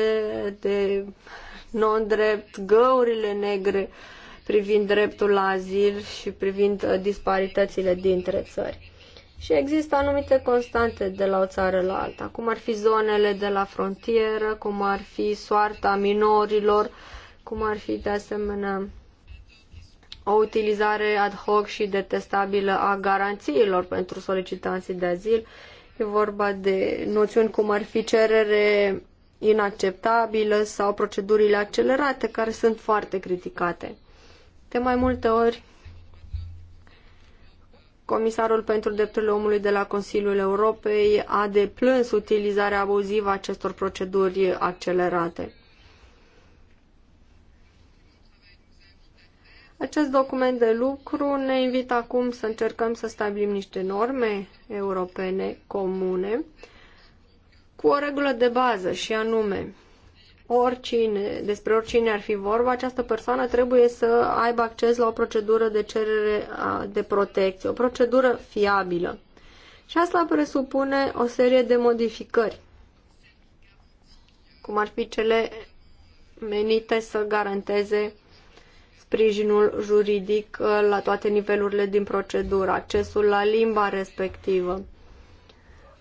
de non-drept, găurile negre privind dreptul la azil și privind uh, disparitățile dintre țări. Și există anumite constante de la o țară la alta, cum ar fi zonele de la frontieră, cum ar fi soarta minorilor, cum ar fi de asemenea o utilizare ad hoc și detestabilă a garanțiilor pentru solicitanții de azil E vorba de noțiuni cum ar fi cerere inacceptabilă sau procedurile accelerate, care sunt foarte criticate. De mai multe ori, Comisarul pentru Drepturile Omului de la Consiliul Europei a deplâns utilizarea abuzivă a acestor proceduri accelerate. Acest document de lucru ne invită acum să încercăm să stabilim niște norme europene comune cu o regulă de bază și anume oricine, despre oricine ar fi vorba, această persoană trebuie să aibă acces la o procedură de cerere de protecție, o procedură fiabilă. Și asta presupune o serie de modificări, cum ar fi cele menite să garanteze sprijinul juridic uh, la toate nivelurile din procedură, accesul la limba respectivă,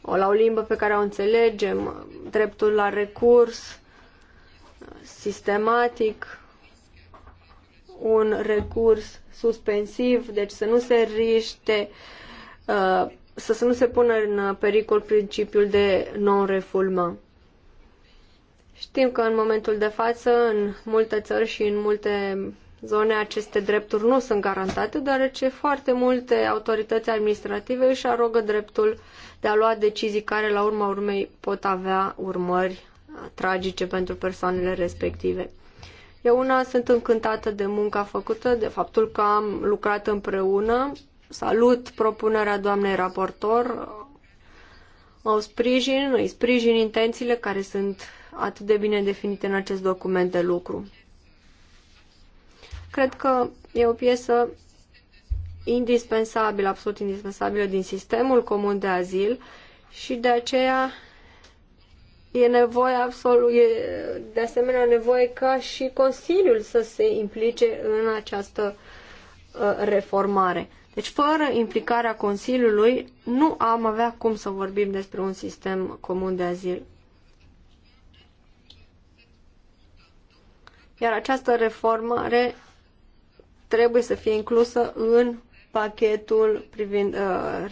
o la o limbă pe care o înțelegem, dreptul la recurs sistematic, un recurs suspensiv, deci să nu se riște, uh, să, să nu se pună în pericol principiul de non-refulmă. Știm că în momentul de față, în multe țări și în multe zone aceste drepturi nu sunt garantate, deoarece foarte multe autorități administrative își arogă dreptul de a lua decizii care la urma urmei pot avea urmări tragice pentru persoanele respective. Eu una sunt încântată de munca făcută, de faptul că am lucrat împreună. Salut propunerea doamnei raportor. O sprijin, îi sprijin intențiile care sunt atât de bine definite în acest document de lucru. Cred că e o piesă indispensabilă, absolut indispensabilă din sistemul comun de azil și de aceea e nevoie absolut, e de asemenea nevoie ca și Consiliul să se implice în această uh, reformare. Deci, fără implicarea Consiliului, nu am avea cum să vorbim despre un sistem comun de azil. Iar această reformare trebuie să fie inclusă în pachetul privind uh,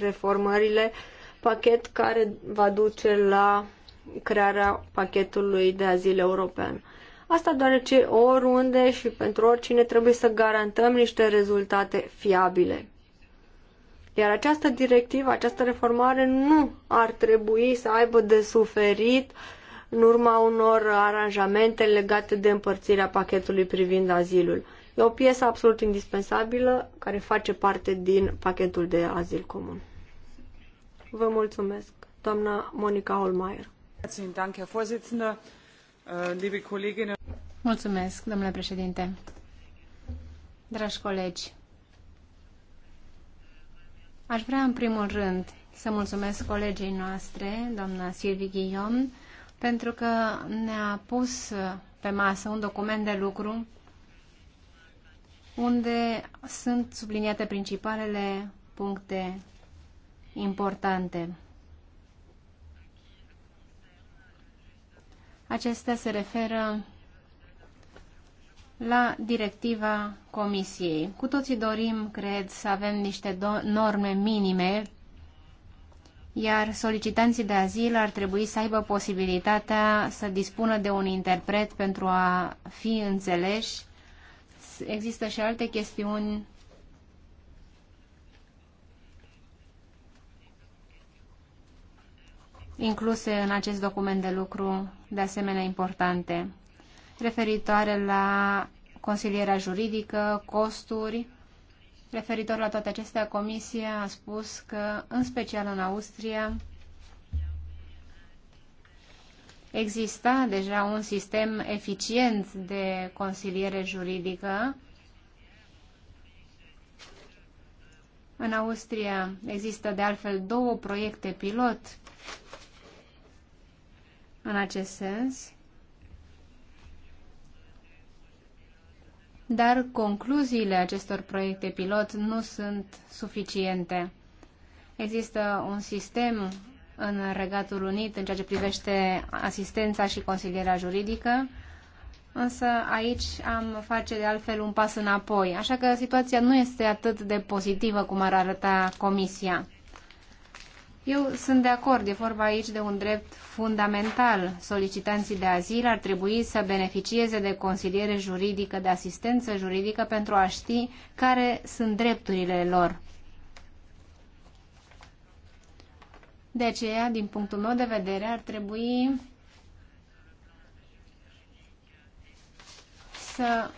reformările, pachet care va duce la crearea pachetului de azil european. Asta deoarece oriunde și pentru oricine trebuie să garantăm niște rezultate fiabile. Iar această directivă, această reformare nu ar trebui să aibă de suferit în urma unor aranjamente legate de împărțirea pachetului privind azilul. E o piesă absolut indispensabilă care face parte din pachetul de azil comun. Vă mulțumesc, doamna Monica Holmeier. Äh, mulțumesc, domnule președinte. Dragi colegi, aș vrea în primul rând să mulțumesc colegii noastre, doamna Silvi Ghion, pentru că ne-a pus pe masă un document de lucru unde sunt subliniate principalele puncte importante. Acestea se referă la directiva Comisiei. Cu toții dorim, cred, să avem niște norme minime, iar solicitanții de azil ar trebui să aibă posibilitatea să dispună de un interpret pentru a fi înțeleși există și alte chestiuni incluse în acest document de lucru, de asemenea importante, referitoare la consilierea juridică, costuri. Referitor la toate acestea, Comisia a spus că, în special în Austria, Exista deja un sistem eficient de consiliere juridică. În Austria există de altfel două proiecte pilot în acest sens. Dar concluziile acestor proiecte pilot nu sunt suficiente. Există un sistem în Regatul Unit în ceea ce privește asistența și consilierea juridică, însă aici am face de altfel un pas înapoi, așa că situația nu este atât de pozitivă cum ar arăta Comisia. Eu sunt de acord, e vorba aici de un drept fundamental. Solicitanții de azil ar trebui să beneficieze de consiliere juridică, de asistență juridică pentru a ști care sunt drepturile lor. De aceea, din punctul meu de vedere, ar trebui să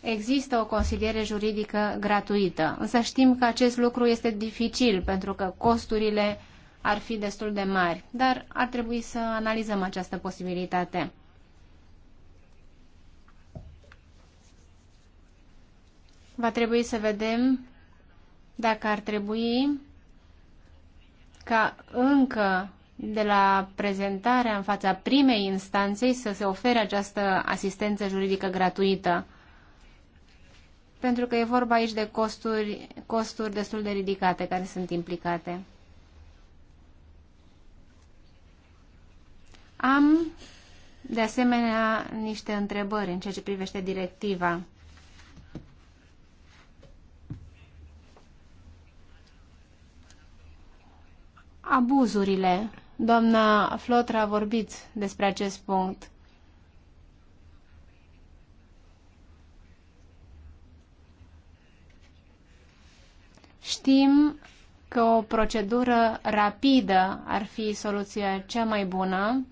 există o consiliere juridică gratuită. Însă știm că acest lucru este dificil pentru că costurile ar fi destul de mari, dar ar trebui să analizăm această posibilitate. Va trebui să vedem dacă ar trebui ca încă de la prezentarea în fața primei instanței să se ofere această asistență juridică gratuită. Pentru că e vorba aici de costuri, costuri destul de ridicate care sunt implicate. Am, de asemenea, niște întrebări în ceea ce privește directiva. abuzurile. Doamna Flotra a vorbit despre acest punct. Știm că o procedură rapidă ar fi soluția cea mai bună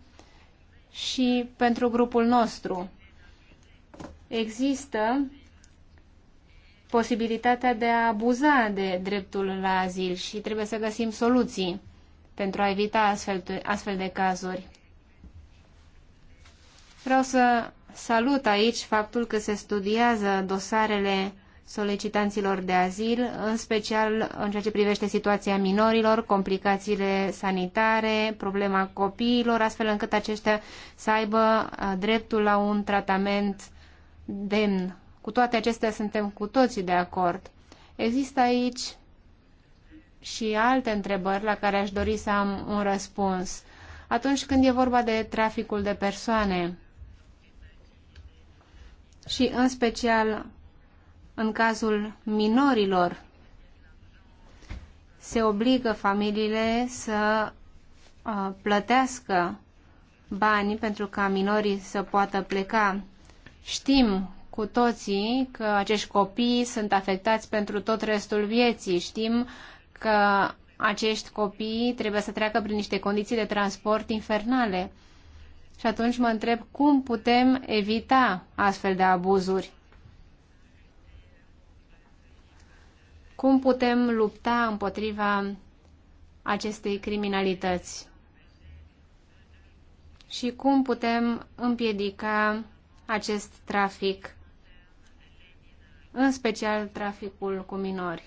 și pentru grupul nostru. Există posibilitatea de a abuza de dreptul la azil și trebuie să găsim soluții pentru a evita astfel de, astfel de cazuri. Vreau să salut aici faptul că se studiază dosarele solicitanților de azil, în special în ceea ce privește situația minorilor, complicațiile sanitare, problema copiilor, astfel încât aceștia să aibă uh, dreptul la un tratament demn. Cu toate acestea suntem cu toții de acord. Există aici și alte întrebări la care aș dori să am un răspuns. Atunci când e vorba de traficul de persoane și în special în cazul minorilor, se obligă familiile să uh, plătească bani pentru ca minorii să poată pleca. Știm cu toții că acești copii sunt afectați pentru tot restul vieții. Știm că acești copii trebuie să treacă prin niște condiții de transport infernale. Și atunci mă întreb cum putem evita astfel de abuzuri. Cum putem lupta împotriva acestei criminalități? Și cum putem împiedica acest trafic, în special traficul cu minori?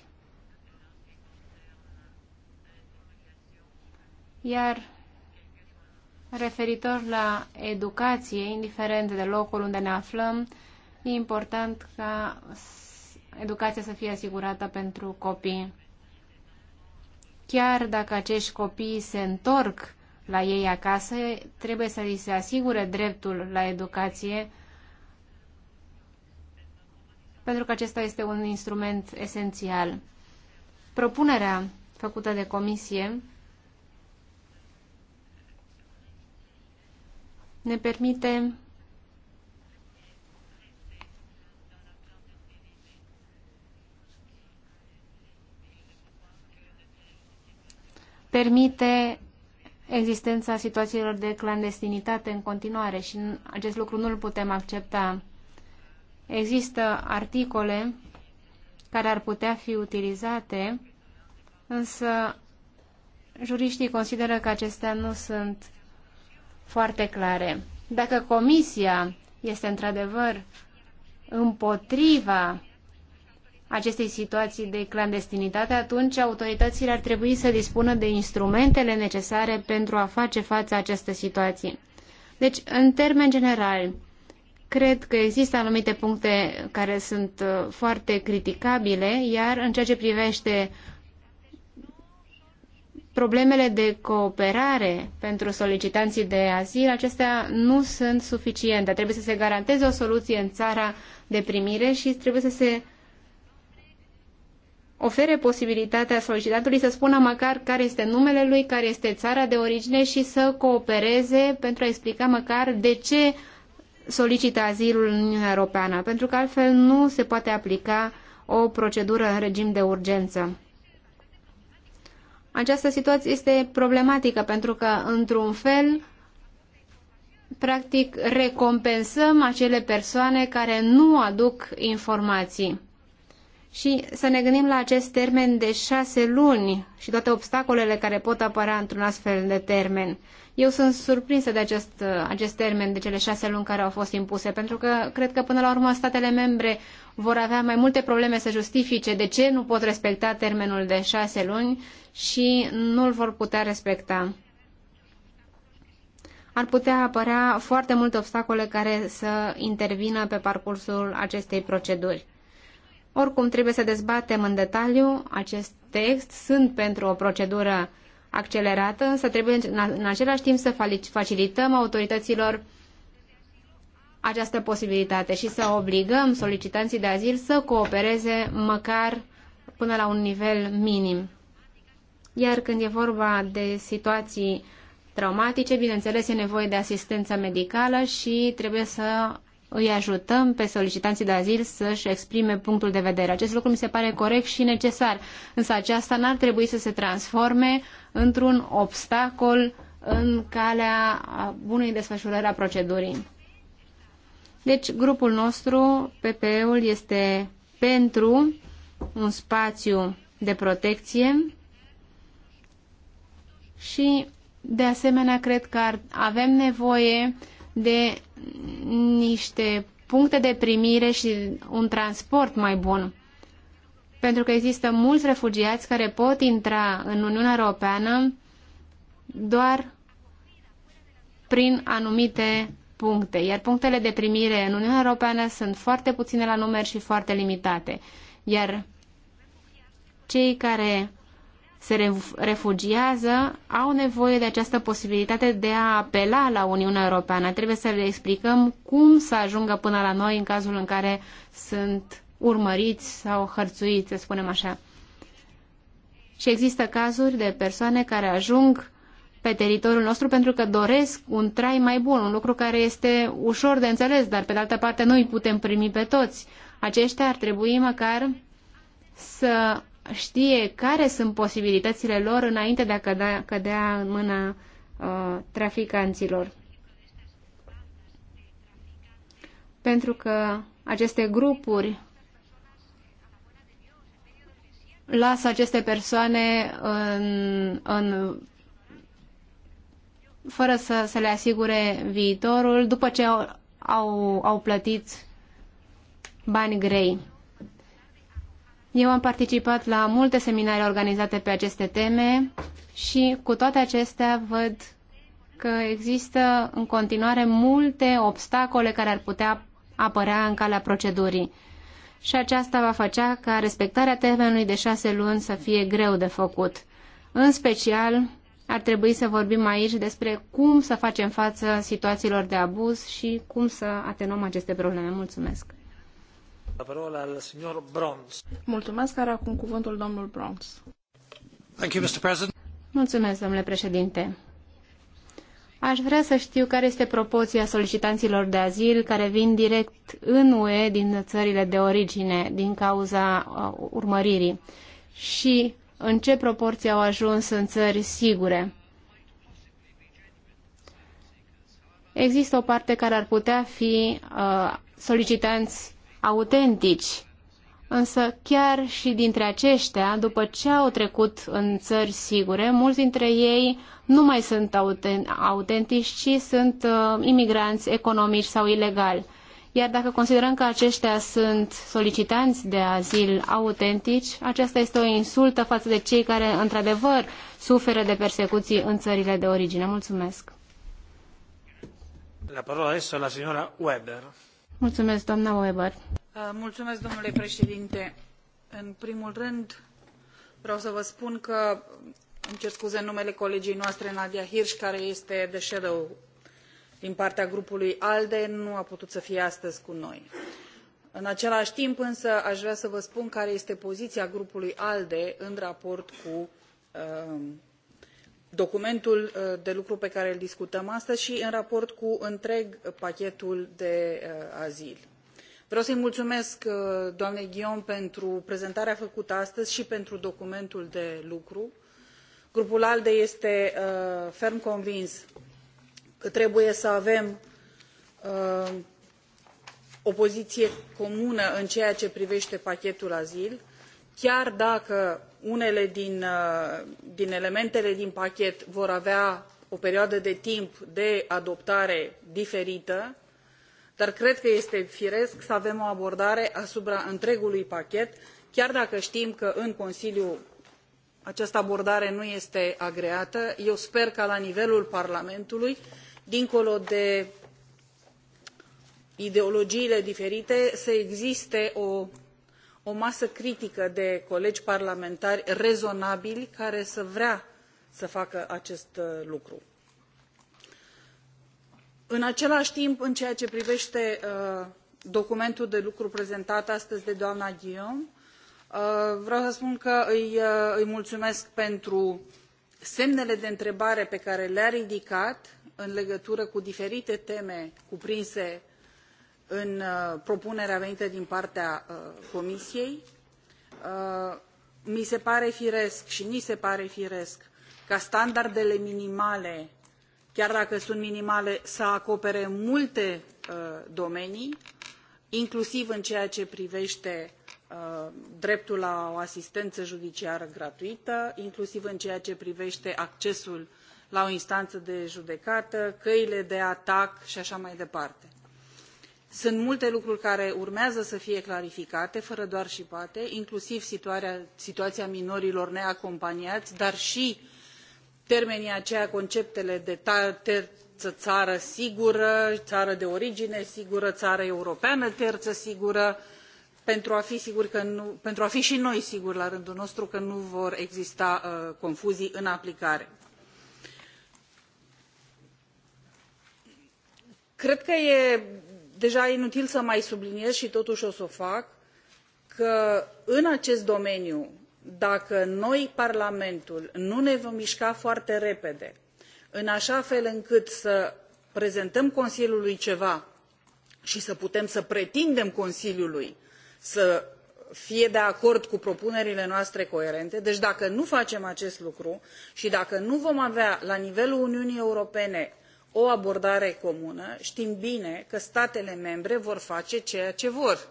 Iar referitor la educație, indiferent de locul unde ne aflăm, e important ca educația să fie asigurată pentru copii. Chiar dacă acești copii se întorc la ei acasă, trebuie să li se asigure dreptul la educație, pentru că acesta este un instrument esențial. Propunerea făcută de comisie ne permite permite existența situațiilor de clandestinitate în continuare și acest lucru nu îl putem accepta. Există articole care ar putea fi utilizate, însă juriștii consideră că acestea nu sunt foarte clare. Dacă Comisia este într-adevăr împotriva acestei situații de clandestinitate, atunci autoritățile ar trebui să dispună de instrumentele necesare pentru a face față acestei situații. Deci, în termen general, cred că există anumite puncte care sunt uh, foarte criticabile, iar în ceea ce privește problemele de cooperare pentru solicitanții de azil, acestea nu sunt suficiente. Trebuie să se garanteze o soluție în țara de primire și trebuie să se ofere posibilitatea solicitantului să spună măcar care este numele lui, care este țara de origine și să coopereze pentru a explica măcar de ce solicită azilul în Uniunea Europeană, pentru că altfel nu se poate aplica o procedură în regim de urgență. Această situație este problematică pentru că, într-un fel, practic recompensăm acele persoane care nu aduc informații. Și să ne gândim la acest termen de șase luni și toate obstacolele care pot apărea într-un astfel de termen. Eu sunt surprinsă de acest, acest termen, de cele șase luni care au fost impuse, pentru că cred că până la urmă statele membre vor avea mai multe probleme să justifice de ce nu pot respecta termenul de șase luni și nu îl vor putea respecta. Ar putea apărea foarte multe obstacole care să intervină pe parcursul acestei proceduri. Oricum, trebuie să dezbatem în detaliu acest text. Sunt pentru o procedură accelerată, însă trebuie în același timp să facilităm autorităților această posibilitate și să obligăm solicitanții de azil să coopereze măcar până la un nivel minim. Iar când e vorba de situații traumatice, bineînțeles, e nevoie de asistență medicală și trebuie să îi ajutăm pe solicitanții de azil să-și exprime punctul de vedere. Acest lucru mi se pare corect și necesar, însă aceasta n-ar trebui să se transforme într-un obstacol în calea bunei desfășurări a procedurii. Deci, grupul nostru, PPE-ul, este pentru un spațiu de protecție și, de asemenea, cred că ar, avem nevoie de niște puncte de primire și un transport mai bun. Pentru că există mulți refugiați care pot intra în Uniunea Europeană doar prin anumite puncte, iar punctele de primire în Uniunea Europeană sunt foarte puține la număr și foarte limitate. Iar cei care se refugiază au nevoie de această posibilitate de a apela la Uniunea Europeană. Trebuie să le explicăm cum să ajungă până la noi în cazul în care sunt urmăriți sau hărțuiți, să spunem așa. Și există cazuri de persoane care ajung pe teritoriul nostru pentru că doresc un trai mai bun, un lucru care este ușor de înțeles, dar pe de altă parte noi putem primi pe toți. Aceștia ar trebui măcar să știe care sunt posibilitățile lor înainte de a cădea, cădea în mâna uh, traficanților. Pentru că aceste grupuri lasă aceste persoane în, în fără să, să le asigure viitorul după ce au, au, au plătit bani grei. Eu am participat la multe seminare organizate pe aceste teme și cu toate acestea văd că există în continuare multe obstacole care ar putea apărea în calea procedurii. Și aceasta va face ca respectarea termenului de șase luni să fie greu de făcut, în special ar trebui să vorbim aici despre cum să facem față situațiilor de abuz și cum să atenuăm aceste probleme. Mulțumesc! Mulțumesc, are acum cuvântul domnul Bronx. Thank you, Mr. President. Mulțumesc, domnule președinte. Aș vrea să știu care este proporția solicitanților de azil care vin direct în UE din țările de origine din cauza uh, urmăririi și în ce proporție au ajuns în țări sigure. Există o parte care ar putea fi uh, solicitanți autentici, însă chiar și dintre aceștia, după ce au trecut în țări sigure, mulți dintre ei nu mai sunt autentici, ci sunt uh, imigranți economici sau ilegali. Iar dacă considerăm că aceștia sunt solicitanți de azil autentici, aceasta este o insultă față de cei care, într-adevăr, suferă de persecuții în țările de origine. Mulțumesc! La parola adesso la signora Weber. Mulțumesc, doamna Weber. Uh, mulțumesc, domnule președinte. În primul rând, vreau să vă spun că îmi cer scuze în numele colegii noastre, Nadia Hirsch, care este de shadow din partea grupului alde nu a putut să fie astăzi cu noi. în același timp însă aș vrea să vă spun care este poziția grupului alde în raport cu um, documentul uh, de lucru pe care îl discutăm astăzi și în raport cu întreg pachetul de uh, azil. vreau să i mulțumesc uh, doamnei guillaume pentru prezentarea făcută astăzi și pentru documentul de lucru. grupul alde este ferm convins că trebuie să avem uh, o poziție comună în ceea ce privește pachetul azil, chiar dacă unele din, uh, din elementele din pachet vor avea o perioadă de timp de adoptare diferită, dar cred că este firesc să avem o abordare asupra întregului pachet, chiar dacă știm că în Consiliu această abordare nu este agreată. Eu sper ca la nivelul Parlamentului dincolo de ideologiile diferite, să existe o, o masă critică de colegi parlamentari rezonabili care să vrea să facă acest uh, lucru. În același timp, în ceea ce privește uh, documentul de lucru prezentat astăzi de doamna Guillaume, uh, vreau să spun că îi, uh, îi mulțumesc pentru semnele de întrebare pe care le-a ridicat în legătură cu diferite teme cuprinse în uh, propunerea venită din partea uh, Comisiei. Uh, mi se pare firesc și ni se pare firesc ca standardele minimale, chiar dacă sunt minimale, să acopere multe domenii, inclusiv în ceea ce privește dreptul la o asistență judiciară gratuită, inclusiv în ceea ce privește accesul la o instanță de judecată, căile de atac și așa mai departe. Sunt multe lucruri care urmează să fie clarificate, fără doar și poate, inclusiv situația, situația minorilor neacompaniați, dar și termenii aceia, conceptele de terță țară sigură, țară de origine sigură, țară europeană terță sigură, pentru a fi, sigur că nu, pentru a fi și noi siguri la rândul nostru că nu vor exista uh, confuzii în aplicare cred că e deja inutil să mai subliniez și totuși o să o fac că în acest domeniu dacă noi parlamentul nu ne vom mișca foarte repede în așa fel încât să prezentăm consiliului ceva și să putem să pretindem consiliului să fie de acord cu propunerile noastre coerente deci dacă nu facem acest lucru și dacă nu vom avea la nivelul uniunii europene o abordare comună știm bine că statele membre vor face ceea ce vor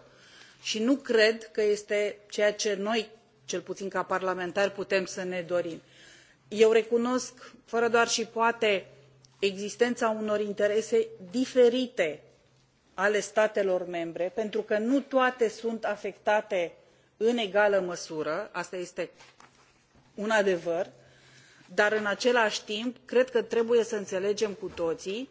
și nu cred că este ceea ce noi cel puțin ca parlamentari putem să ne dorim. eu recunosc fără doar și poate existența unor interese diferite ale statelor membre pentru că nu toate sunt afectate în egală măsură asta este un adevăr dar în același timp cred că trebuie să înțelegem cu toții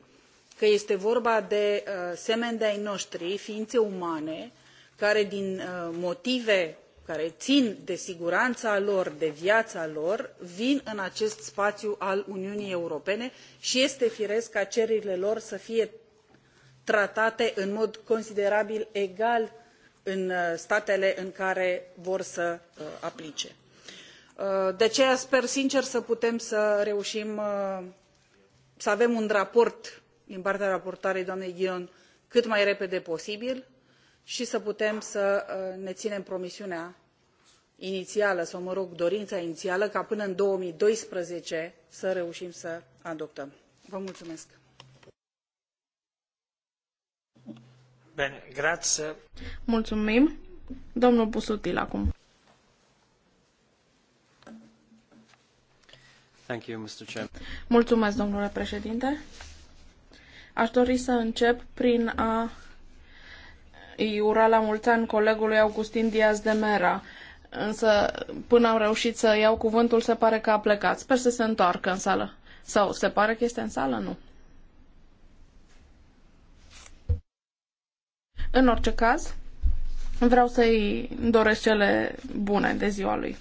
că este vorba de uh, semeni de ai noștri ființe umane care din uh, motive care țin de siguranța lor, de viața lor, vin în acest spațiu al Uniunii Europene și este firesc ca cererile lor să fie tratate în mod considerabil egal în uh, statele în care vor să aplice. Uh, de aceea sper sincer să putem să reușim uh, să avem un raport din partea raportarei doamnei Ghion cât mai repede posibil și să putem să uh, ne ținem promisiunea inițială sau, mă rog, dorința inițială ca până în 2012 să reușim să adoptăm. Vă mulțumesc! Bine, grație! Mulțumim! Domnul Busutil acum. Mulțumesc, domnule președinte. Aș dori să încep prin a îi ura la mulți ani colegului Augustin Diaz de Mera. Însă, până am reușit să iau cuvântul, se pare că a plecat. Sper să se întoarcă în sală. Sau se pare că este în sală? Nu. În orice caz, vreau să-i doresc cele bune de ziua lui.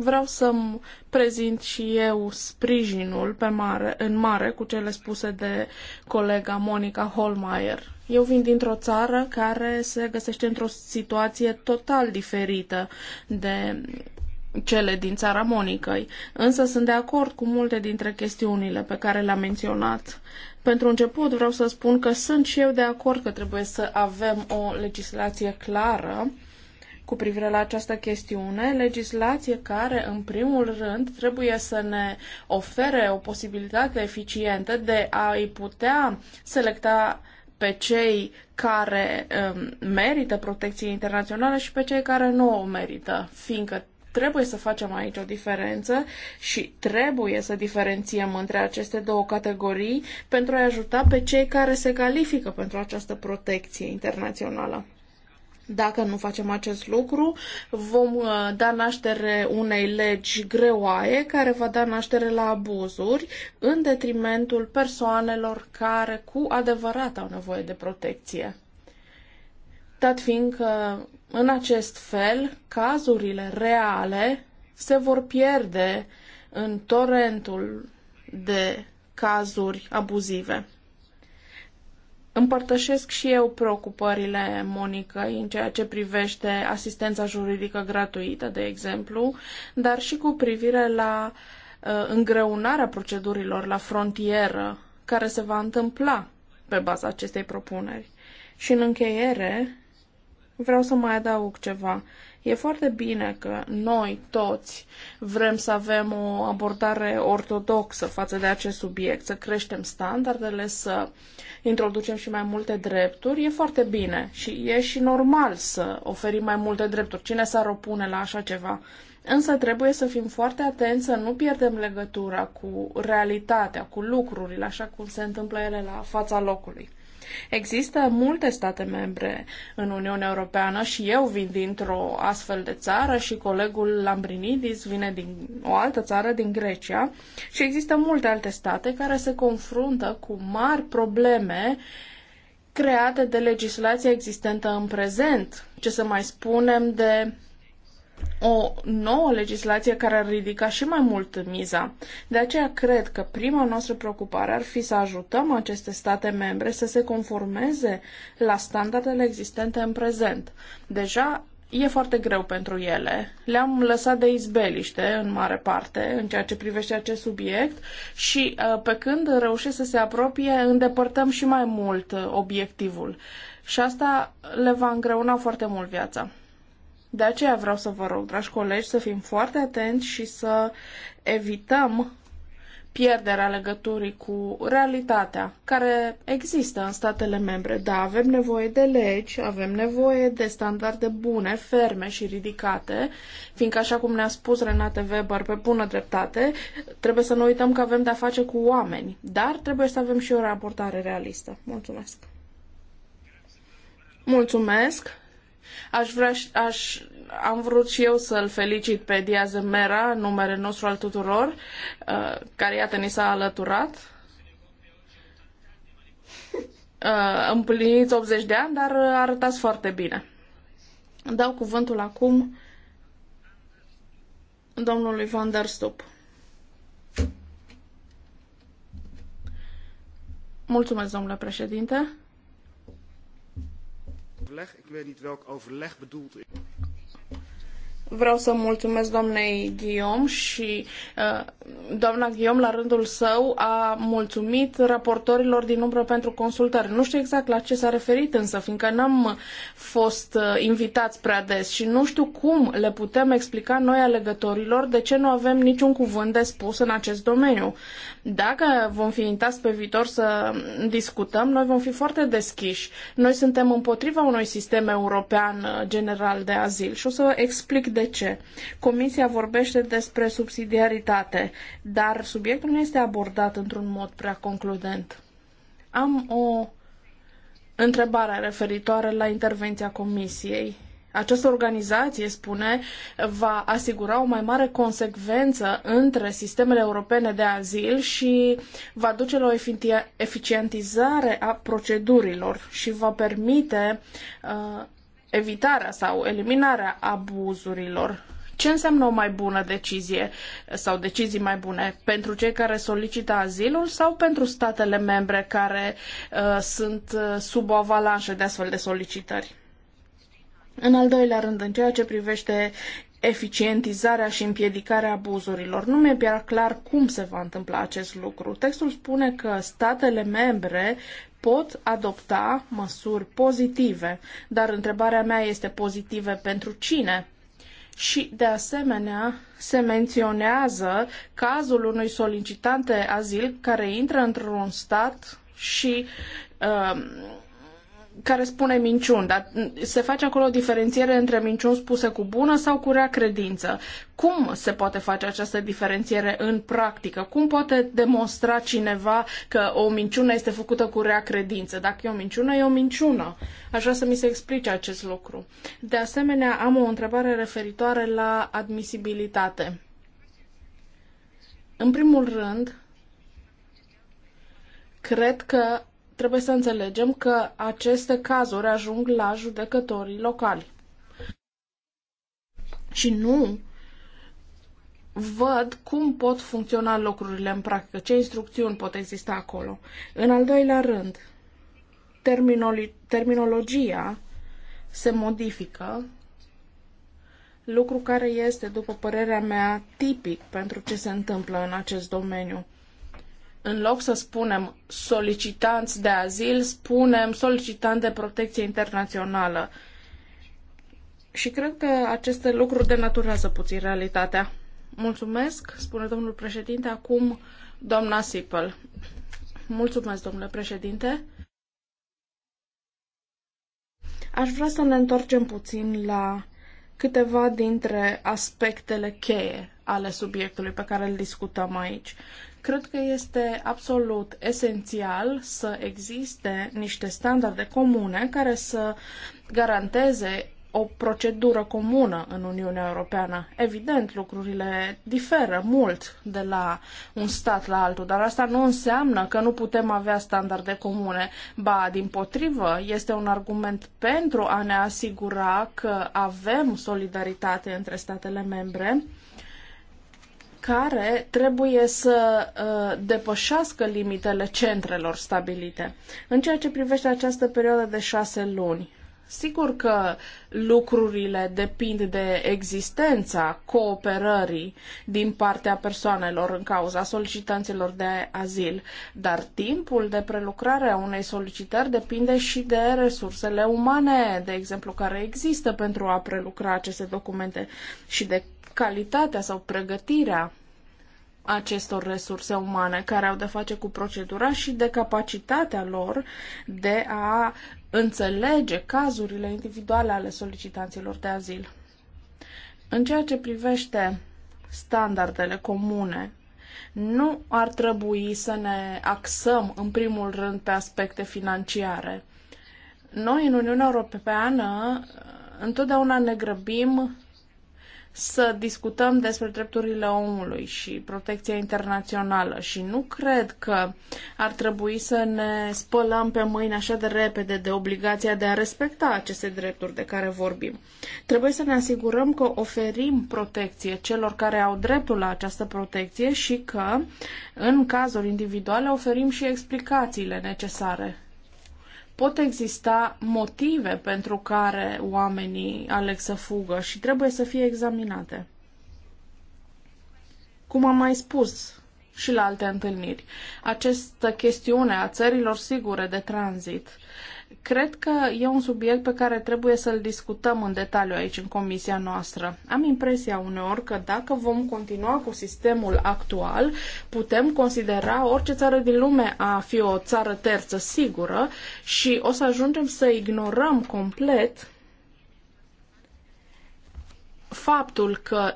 Vreau să-mi prezint și eu sprijinul pe mare, în mare cu cele spuse de colega Monica Holmeier. Eu vin dintr-o țară care se găsește într-o situație total diferită de cele din țara Monicăi, însă sunt de acord cu multe dintre chestiunile pe care le-a menționat. Pentru început vreau să spun că sunt și eu de acord că trebuie să avem o legislație clară cu privire la această chestiune, legislație care, în primul rând, trebuie să ne ofere o posibilitate eficientă de a-i putea selecta pe cei care um, merită protecție internațională și pe cei care nu o merită, fiindcă trebuie să facem aici o diferență și trebuie să diferențiem între aceste două categorii pentru a ajuta pe cei care se califică pentru această protecție internațională. Dacă nu facem acest lucru, vom uh, da naștere unei legi greoaie care va da naștere la abuzuri în detrimentul persoanelor care cu adevărat au nevoie de protecție. Dat fiindcă în acest fel cazurile reale se vor pierde în torentul de cazuri abuzive. Împărtășesc și eu preocupările Monicăi în ceea ce privește asistența juridică gratuită, de exemplu, dar și cu privire la uh, îngreunarea procedurilor la frontieră care se va întâmpla pe baza acestei propuneri. Și în încheiere, vreau să mai adaug ceva. E foarte bine că noi toți vrem să avem o abordare ortodoxă față de acest subiect, să creștem standardele, să introducem și mai multe drepturi. E foarte bine și e și normal să oferim mai multe drepturi. Cine s-ar opune la așa ceva? Însă trebuie să fim foarte atenți să nu pierdem legătura cu realitatea, cu lucrurile, așa cum se întâmplă ele la fața locului. Există multe state membre în Uniunea Europeană și eu vin dintr-o astfel de țară și colegul Lambrinidis vine din o altă țară, din Grecia, și există multe alte state care se confruntă cu mari probleme create de legislația existentă în prezent. Ce să mai spunem de o nouă legislație care ar ridica și mai mult miza. De aceea cred că prima noastră preocupare ar fi să ajutăm aceste state membre să se conformeze la standardele existente în prezent. Deja e foarte greu pentru ele. Le-am lăsat de izbeliște în mare parte în ceea ce privește acest subiect și uh, pe când reușesc să se apropie, îndepărtăm și mai mult uh, obiectivul. Și asta le va îngreuna foarte mult viața. De aceea vreau să vă rog, dragi colegi, să fim foarte atenți și să evităm pierderea legăturii cu realitatea care există în statele membre. Da, avem nevoie de legi, avem nevoie de standarde bune, ferme și ridicate, fiindcă, așa cum ne-a spus Renate Weber pe bună dreptate, trebuie să nu uităm că avem de-a face cu oameni, dar trebuie să avem și o raportare realistă. Mulțumesc! Mulțumesc! Aș vrea, aș, am vrut și eu să-l felicit pe Diaz Mera, numele nostru al tuturor, uh, care iată ni s-a alăturat. Uh, împliniți 80 de ani, dar uh, arătați foarte bine. Dau cuvântul acum domnului Van der Stop. Mulțumesc, domnule președinte overleg. Ik weet niet welk overleg bedoeld is. Vreau să mulțumesc doamnei Ghiom și uh, doamna Ghiom la rândul său a mulțumit raportorilor din umbră pentru consultare. Nu știu exact la ce s-a referit însă, fiindcă n-am fost uh, invitați prea des și nu știu cum le putem explica noi alegătorilor de ce nu avem niciun cuvânt de spus în acest domeniu. Dacă vom fi invitați pe viitor să discutăm, noi vom fi foarte deschiși. Noi suntem împotriva unui sistem european uh, general de azil și o să explic de ce? Comisia vorbește despre subsidiaritate, dar subiectul nu este abordat într-un mod prea concludent. Am o întrebare referitoare la intervenția Comisiei. Această organizație, spune, va asigura o mai mare consecvență între sistemele europene de azil și va duce la o eficientizare a procedurilor și va permite uh, evitarea sau eliminarea abuzurilor. Ce înseamnă o mai bună decizie sau decizii mai bune pentru cei care solicită azilul sau pentru statele membre care uh, sunt uh, sub o avalanșă de astfel de solicitări? În al doilea rând, în ceea ce privește eficientizarea și împiedicarea abuzurilor. Nu mi-e prea clar cum se va întâmpla acest lucru. Textul spune că statele membre pot adopta măsuri pozitive, dar întrebarea mea este pozitive pentru cine? Și, de asemenea, se menționează cazul unui solicitant de azil care intră într-un stat și uh, care spune minciuni, dar se face acolo o diferențiere între minciuni spuse cu bună sau cu rea credință. Cum se poate face această diferențiere în practică? Cum poate demonstra cineva că o minciună este făcută cu rea credință? Dacă e o minciună, e o minciună. Aș vrea să mi se explice acest lucru. De asemenea, am o întrebare referitoare la admisibilitate. În primul rând, cred că trebuie să înțelegem că aceste cazuri ajung la judecătorii locali. Și nu văd cum pot funcționa lucrurile în practică, ce instrucțiuni pot exista acolo. În al doilea rând, terminologia se modifică, lucru care este, după părerea mea, tipic pentru ce se întâmplă în acest domeniu în loc să spunem solicitanți de azil, spunem solicitanți de protecție internațională. Și cred că aceste lucruri denaturează puțin realitatea. Mulțumesc, spune domnul președinte, acum doamna Sipel. Mulțumesc, domnule președinte. Aș vrea să ne întoarcem puțin la câteva dintre aspectele cheie ale subiectului pe care îl discutăm aici. Cred că este absolut esențial să existe niște standarde comune care să garanteze o procedură comună în Uniunea Europeană. Evident, lucrurile diferă mult de la un stat la altul, dar asta nu înseamnă că nu putem avea standarde comune. Ba, din potrivă, este un argument pentru a ne asigura că avem solidaritate între statele membre care trebuie să uh, depășească limitele centrelor stabilite. În ceea ce privește această perioadă de șase luni, sigur că lucrurile depind de existența cooperării din partea persoanelor în cauza solicitanților de azil, dar timpul de prelucrare a unei solicitări depinde și de resursele umane, de exemplu, care există pentru a prelucra aceste documente și de calitatea sau pregătirea acestor resurse umane care au de face cu procedura și de capacitatea lor de a înțelege cazurile individuale ale solicitanților de azil. În ceea ce privește standardele comune, nu ar trebui să ne axăm în primul rând pe aspecte financiare. Noi în Uniunea Europeană întotdeauna ne grăbim să discutăm despre drepturile omului și protecția internațională și nu cred că ar trebui să ne spălăm pe mâini așa de repede de obligația de a respecta aceste drepturi de care vorbim. Trebuie să ne asigurăm că oferim protecție celor care au dreptul la această protecție și că, în cazuri individuale, oferim și explicațiile necesare pot exista motive pentru care oamenii aleg să fugă și trebuie să fie examinate. Cum am mai spus, și la alte întâlniri. Această chestiune a țărilor sigure de tranzit. Cred că e un subiect pe care trebuie să-l discutăm în detaliu aici, în comisia noastră. Am impresia uneori că dacă vom continua cu sistemul actual, putem considera orice țară din lume a fi o țară terță sigură și o să ajungem să ignorăm complet faptul că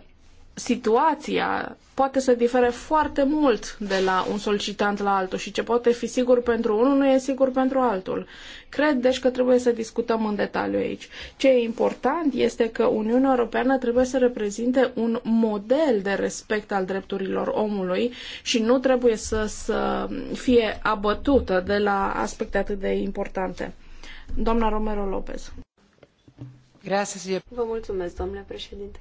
situația poate să difere foarte mult de la un solicitant la altul și ce poate fi sigur pentru unul nu e sigur pentru altul. Cred deci că trebuie să discutăm în detaliu aici. Ce e important este că Uniunea Europeană trebuie să reprezinte un model de respect al drepturilor omului și nu trebuie să, să fie abătută de la aspecte atât de importante. Doamna Romero Lopez. Vă mulțumesc, domnule președinte.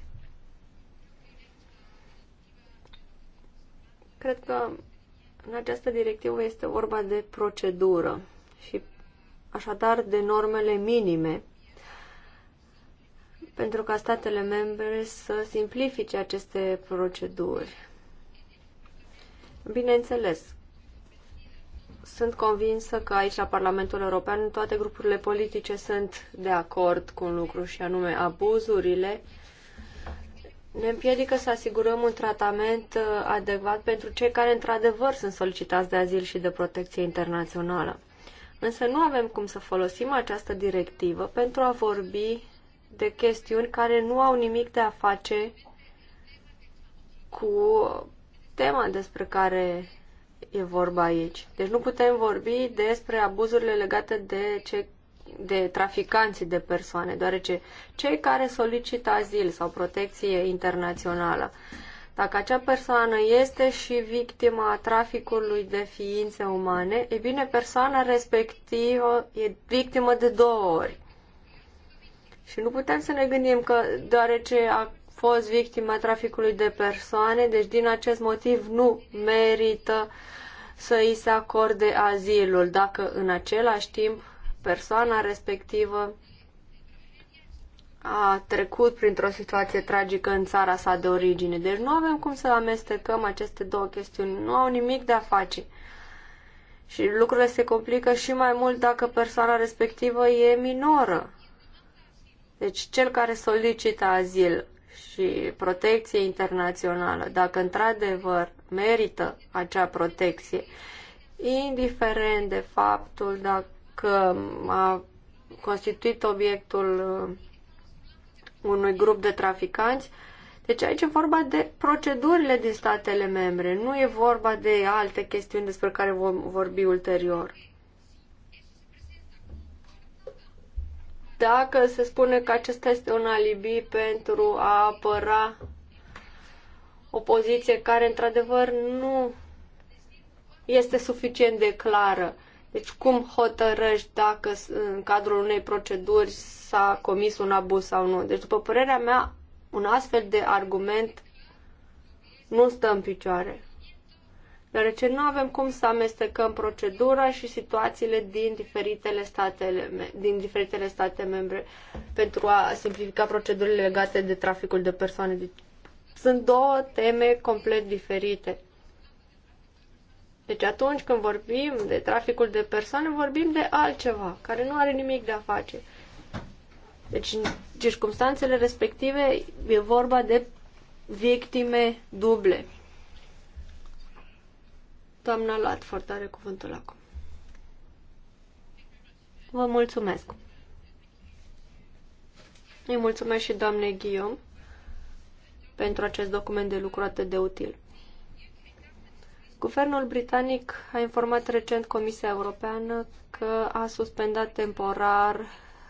Cred că în această directivă este vorba de procedură și așadar de normele minime pentru ca statele membre să simplifice aceste proceduri. Bineînțeles, sunt convinsă că aici la Parlamentul European toate grupurile politice sunt de acord cu un lucru și anume abuzurile uh, ne împiedică să asigurăm un tratament uh, adecvat pentru cei care într-adevăr sunt solicitați de azil și de protecție internațională. Însă nu avem cum să folosim această directivă pentru a vorbi de chestiuni care nu au nimic de a face cu tema despre care e vorba aici. Deci nu putem vorbi despre abuzurile legate de cei de traficanții de persoane, deoarece cei care solicită azil sau protecție internațională, dacă acea persoană este și victima traficului de ființe umane, e bine, persoana respectivă e victimă de două ori. Și nu putem să ne gândim că deoarece a fost victima traficului de persoane, deci din acest motiv nu merită să îi se acorde azilul, dacă în același timp persoana respectivă a trecut printr-o situație tragică în țara sa de origine. Deci nu avem cum să amestecăm aceste două chestiuni. Nu au nimic de a face. Și lucrurile se complică și mai mult dacă persoana respectivă e minoră. Deci cel care solicită azil și protecție internațională, dacă într-adevăr merită acea protecție, indiferent de faptul dacă că a constituit obiectul uh, unui grup de traficanți. Deci aici e vorba de procedurile din statele membre, nu e vorba de alte chestiuni despre care vom vorbi ulterior. Dacă se spune că acesta este un alibi pentru a apăra o poziție care într-adevăr nu este suficient de clară, deci cum hotărăști dacă în cadrul unei proceduri s-a comis un abuz sau nu? Deci, după părerea mea, un astfel de argument nu stă în picioare. Deoarece nu avem cum să amestecăm procedura și situațiile din diferitele, statele, din diferitele state membre pentru a simplifica procedurile legate de traficul de persoane. Deci, sunt două teme complet diferite. Deci atunci când vorbim de traficul de persoane, vorbim de altceva, care nu are nimic de a face. Deci, în circunstanțele respective, e vorba de victime duble. Doamna Latford are cuvântul acum. Vă mulțumesc. Îi mulțumesc și doamnei Guillaume pentru acest document de lucru atât de util. Guvernul britanic a informat recent Comisia Europeană că a suspendat temporar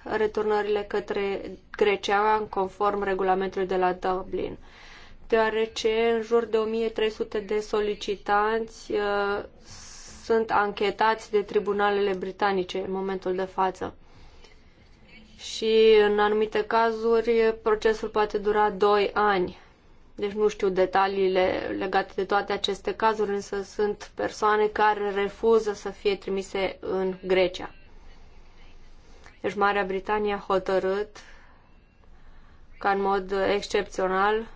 returnările către Grecia în conform regulamentului de la Dublin, deoarece în jur de 1300 de solicitanți uh, sunt anchetați de tribunalele britanice în momentul de față. Și în anumite cazuri procesul poate dura 2 ani deci nu știu detaliile legate de toate aceste cazuri, însă sunt persoane care refuză să fie trimise în Grecia. Deci Marea Britanie a hotărât ca în mod excepțional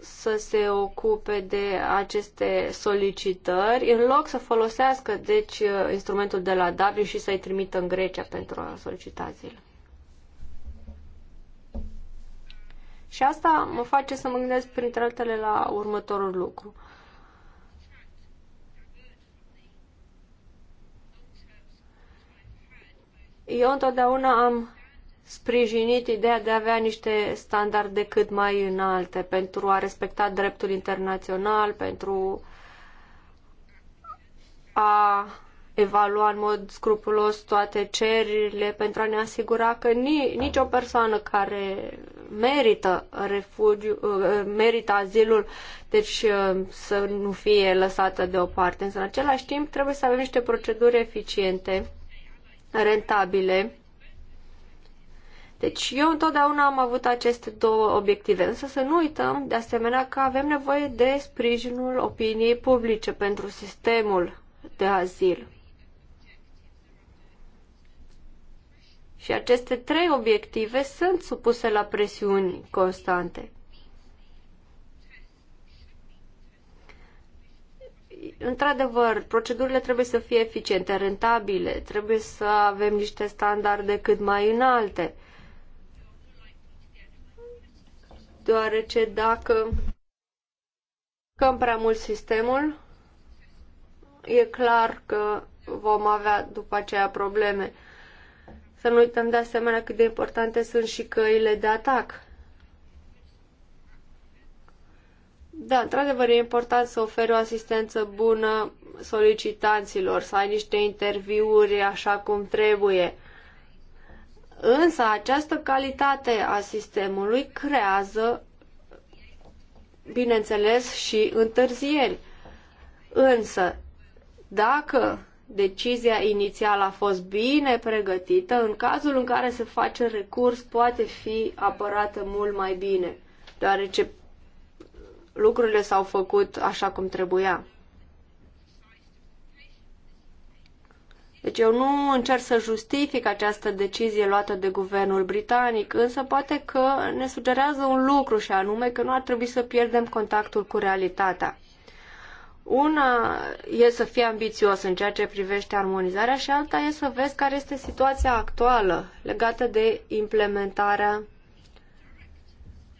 să se ocupe de aceste solicitări, în loc să folosească deci instrumentul de la Dublin și să-i trimită în Grecia pentru a solicita azil. Și asta mă face să mă gândesc, printre altele, la următorul lucru. Eu întotdeauna am sprijinit ideea de a avea niște standarde cât mai înalte pentru a respecta dreptul internațional, pentru a evalua în mod scrupulos toate cererile, pentru a ne asigura că ni, nicio persoană care merită refugiu, uh, merită azilul, deci uh, să nu fie lăsată deoparte. Însă, în același timp, trebuie să avem niște proceduri eficiente, rentabile. Deci eu întotdeauna am avut aceste două obiective, însă să nu uităm de asemenea că avem nevoie de sprijinul opiniei publice pentru sistemul de azil. Și aceste trei obiective sunt supuse la presiuni constante. Într-adevăr, procedurile trebuie să fie eficiente, rentabile, trebuie să avem niște standarde cât mai înalte. Deoarece dacă căm prea mult sistemul, e clar că vom avea după aceea probleme. Să nu uităm de asemenea cât de importante sunt și căile de atac. Da, într-adevăr e important să oferi o asistență bună solicitanților, să ai niște interviuri așa cum trebuie. Însă această calitate a sistemului creează, bineînțeles, și întârzieri. Însă, dacă decizia inițială a fost bine pregătită, în cazul în care se face recurs, poate fi apărată mult mai bine, deoarece lucrurile s-au făcut așa cum trebuia. Deci eu nu încerc să justific această decizie luată de guvernul britanic, însă poate că ne sugerează un lucru și anume că nu ar trebui să pierdem contactul cu realitatea. Una e să fii ambițios în ceea ce privește armonizarea și alta e să vezi care este situația actuală legată de implementarea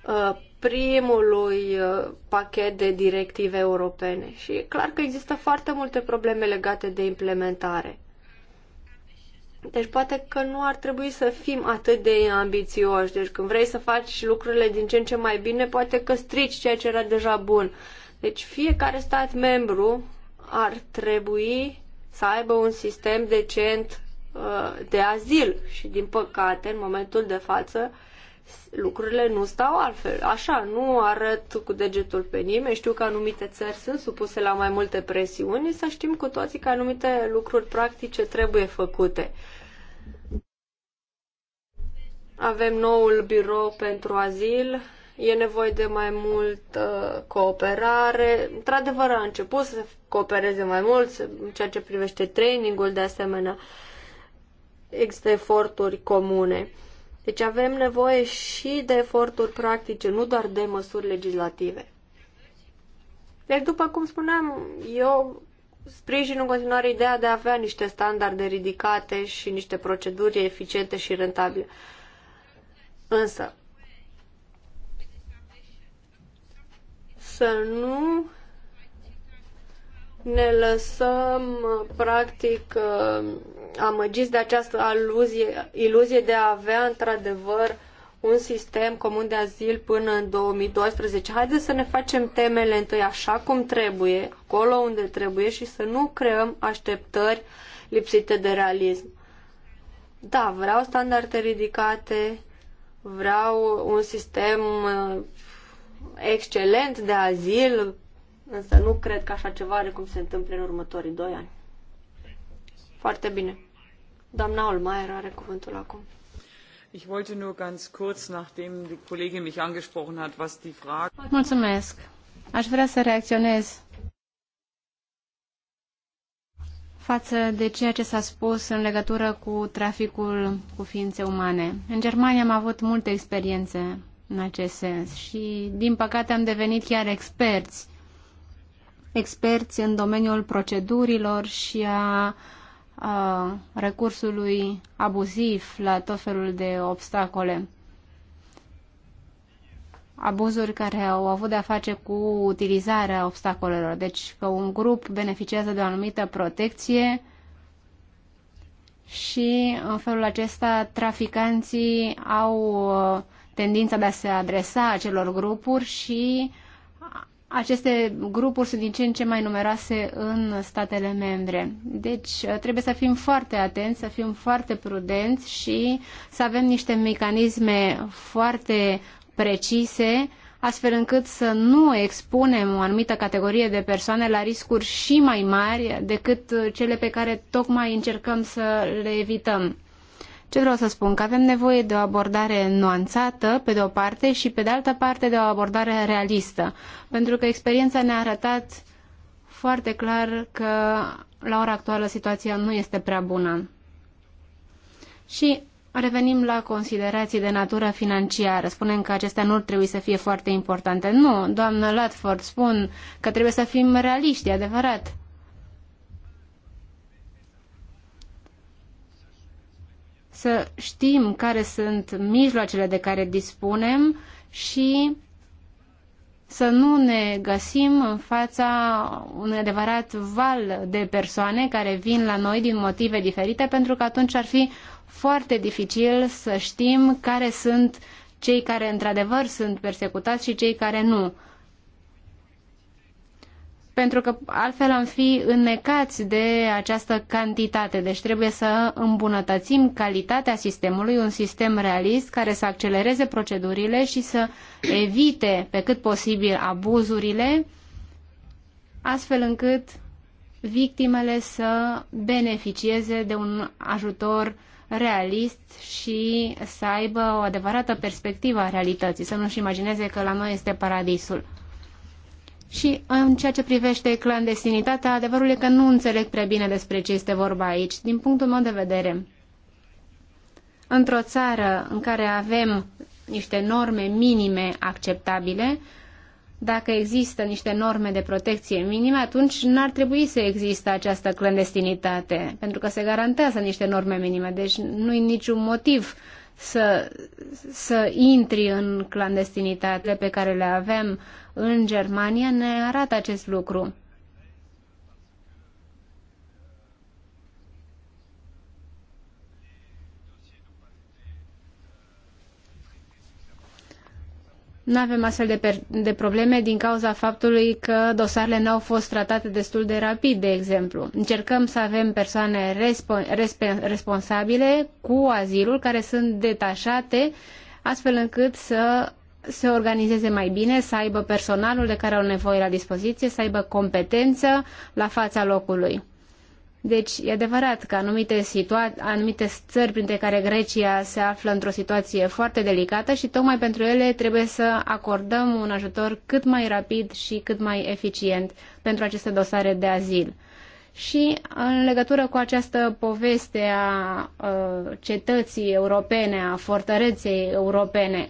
uh, primului uh, pachet de directive europene. Și e clar că există foarte multe probleme legate de implementare. Deci poate că nu ar trebui să fim atât de ambițioși. Deci când vrei să faci lucrurile din ce în ce mai bine, poate că strici ceea ce era deja bun. Deci fiecare stat membru ar trebui să aibă un sistem decent uh, de azil și din păcate în momentul de față lucrurile nu stau altfel. Așa, nu arăt cu degetul pe nimeni, știu că anumite țări sunt supuse la mai multe presiuni, să știm cu toții că anumite lucruri practice trebuie făcute. Avem noul birou pentru azil, e nevoie de mai multă cooperare. Într-adevăr, a început să coopereze mai mult în ceea ce privește trainingul, de asemenea, există eforturi comune. Deci avem nevoie și de eforturi practice, nu doar de măsuri legislative. Deci, după cum spuneam, eu sprijin în continuare ideea de a avea niște standarde ridicate și niște proceduri eficiente și rentabile. Însă, să nu ne lăsăm practic amăgiți de această aluzie, iluzie de a avea într-adevăr un sistem comun de azil până în 2012. Haideți să ne facem temele întâi așa cum trebuie, acolo unde trebuie și să nu creăm așteptări lipsite de realism. Da, vreau standarde ridicate, vreau un sistem excelent de azil, însă nu cred că așa ceva are cum se întâmple în următorii doi ani. Foarte bine. Doamna Olmaier are cuvântul acum. Ich wollte nur ganz kurz, nachdem die Kollegin mich angesprochen hat, was die Frage... Mulțumesc. Aș vrea să reacționez față de ceea ce s-a spus în legătură cu traficul cu ființe umane. În Germania am avut multe experiențe în acest sens și, din păcate, am devenit chiar experți. Experți în domeniul procedurilor și a, a recursului abuziv la tot felul de obstacole. Abuzuri care au avut de-a face cu utilizarea obstacolelor, deci că un grup beneficiază de o anumită protecție, și în felul acesta traficanții au tendința de a se adresa acelor grupuri și aceste grupuri sunt din ce în ce mai numeroase în statele membre. Deci uh, trebuie să fim foarte atenți, să fim foarte prudenți și să avem niște mecanisme foarte precise astfel încât să nu expunem o anumită categorie de persoane la riscuri și mai mari decât cele pe care tocmai încercăm să le evităm. Ce vreau să spun? Că avem nevoie de o abordare nuanțată, pe de o parte, și pe de altă parte de o abordare realistă. Pentru că experiența ne-a arătat foarte clar că la ora actuală situația nu este prea bună. Și revenim la considerații de natură financiară. Spunem că acestea nu trebuie să fie foarte importante. Nu, doamnă Latford, spun că trebuie să fim realiști, adevărat. să știm care sunt mijloacele de care dispunem și să nu ne găsim în fața un adevărat val de persoane care vin la noi din motive diferite, pentru că atunci ar fi foarte dificil să știm care sunt cei care într-adevăr sunt persecutați și cei care nu pentru că altfel am fi înnecați de această cantitate. Deci trebuie să îmbunătățim calitatea sistemului, un sistem realist care să accelereze procedurile și să evite pe cât posibil abuzurile, astfel încât victimele să beneficieze de un ajutor realist și să aibă o adevărată perspectivă a realității, să nu-și imagineze că la noi este paradisul. Și în ceea ce privește clandestinitatea, adevărul e că nu înțeleg prea bine despre ce este vorba aici, din punctul meu de vedere. Într-o țară în care avem niște norme minime acceptabile, dacă există niște norme de protecție minime, atunci n-ar trebui să existe această clandestinitate, pentru că se garantează niște norme minime, deci nu-i niciun motiv să, să intri în clandestinitatele pe care le avem uh, în Germania ne arată acest lucru. Nu avem astfel de, de probleme din cauza faptului că dosarele nu au fost tratate destul de rapid, de exemplu. Încercăm să avem persoane respo- resp- responsabile cu azilul care sunt detașate astfel încât să se organizeze mai bine, să aibă personalul de care au nevoie la dispoziție, să aibă competență la fața locului. Deci, e adevărat că anumite, situa- anumite țări, printre care Grecia, se află într-o situație foarte delicată și tocmai pentru ele trebuie să acordăm un ajutor cât mai rapid și cât mai eficient pentru aceste dosare de azil. Și în legătură cu această poveste a, a uh, cetății europene, a fortăreței europene,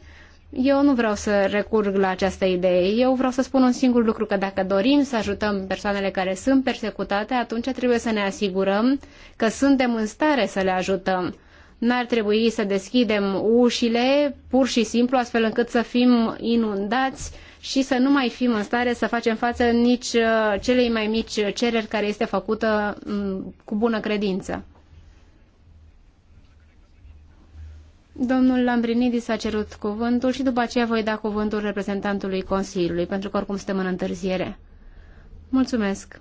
eu nu vreau să recurg la această idee. Eu vreau să spun un singur lucru, că dacă dorim să ajutăm persoanele care sunt persecutate, atunci trebuie să ne asigurăm că suntem în stare să le ajutăm. N-ar trebui să deschidem ușile pur și simplu, astfel încât să fim inundați și să nu mai fim în stare să facem față nici uh, celei mai mici cereri care este făcută mm, cu bună credință. Domnul Lambrinidis a cerut cuvântul și după aceea voi da cuvântul reprezentantului Consiliului, pentru că oricum suntem în întârziere. Mulțumesc!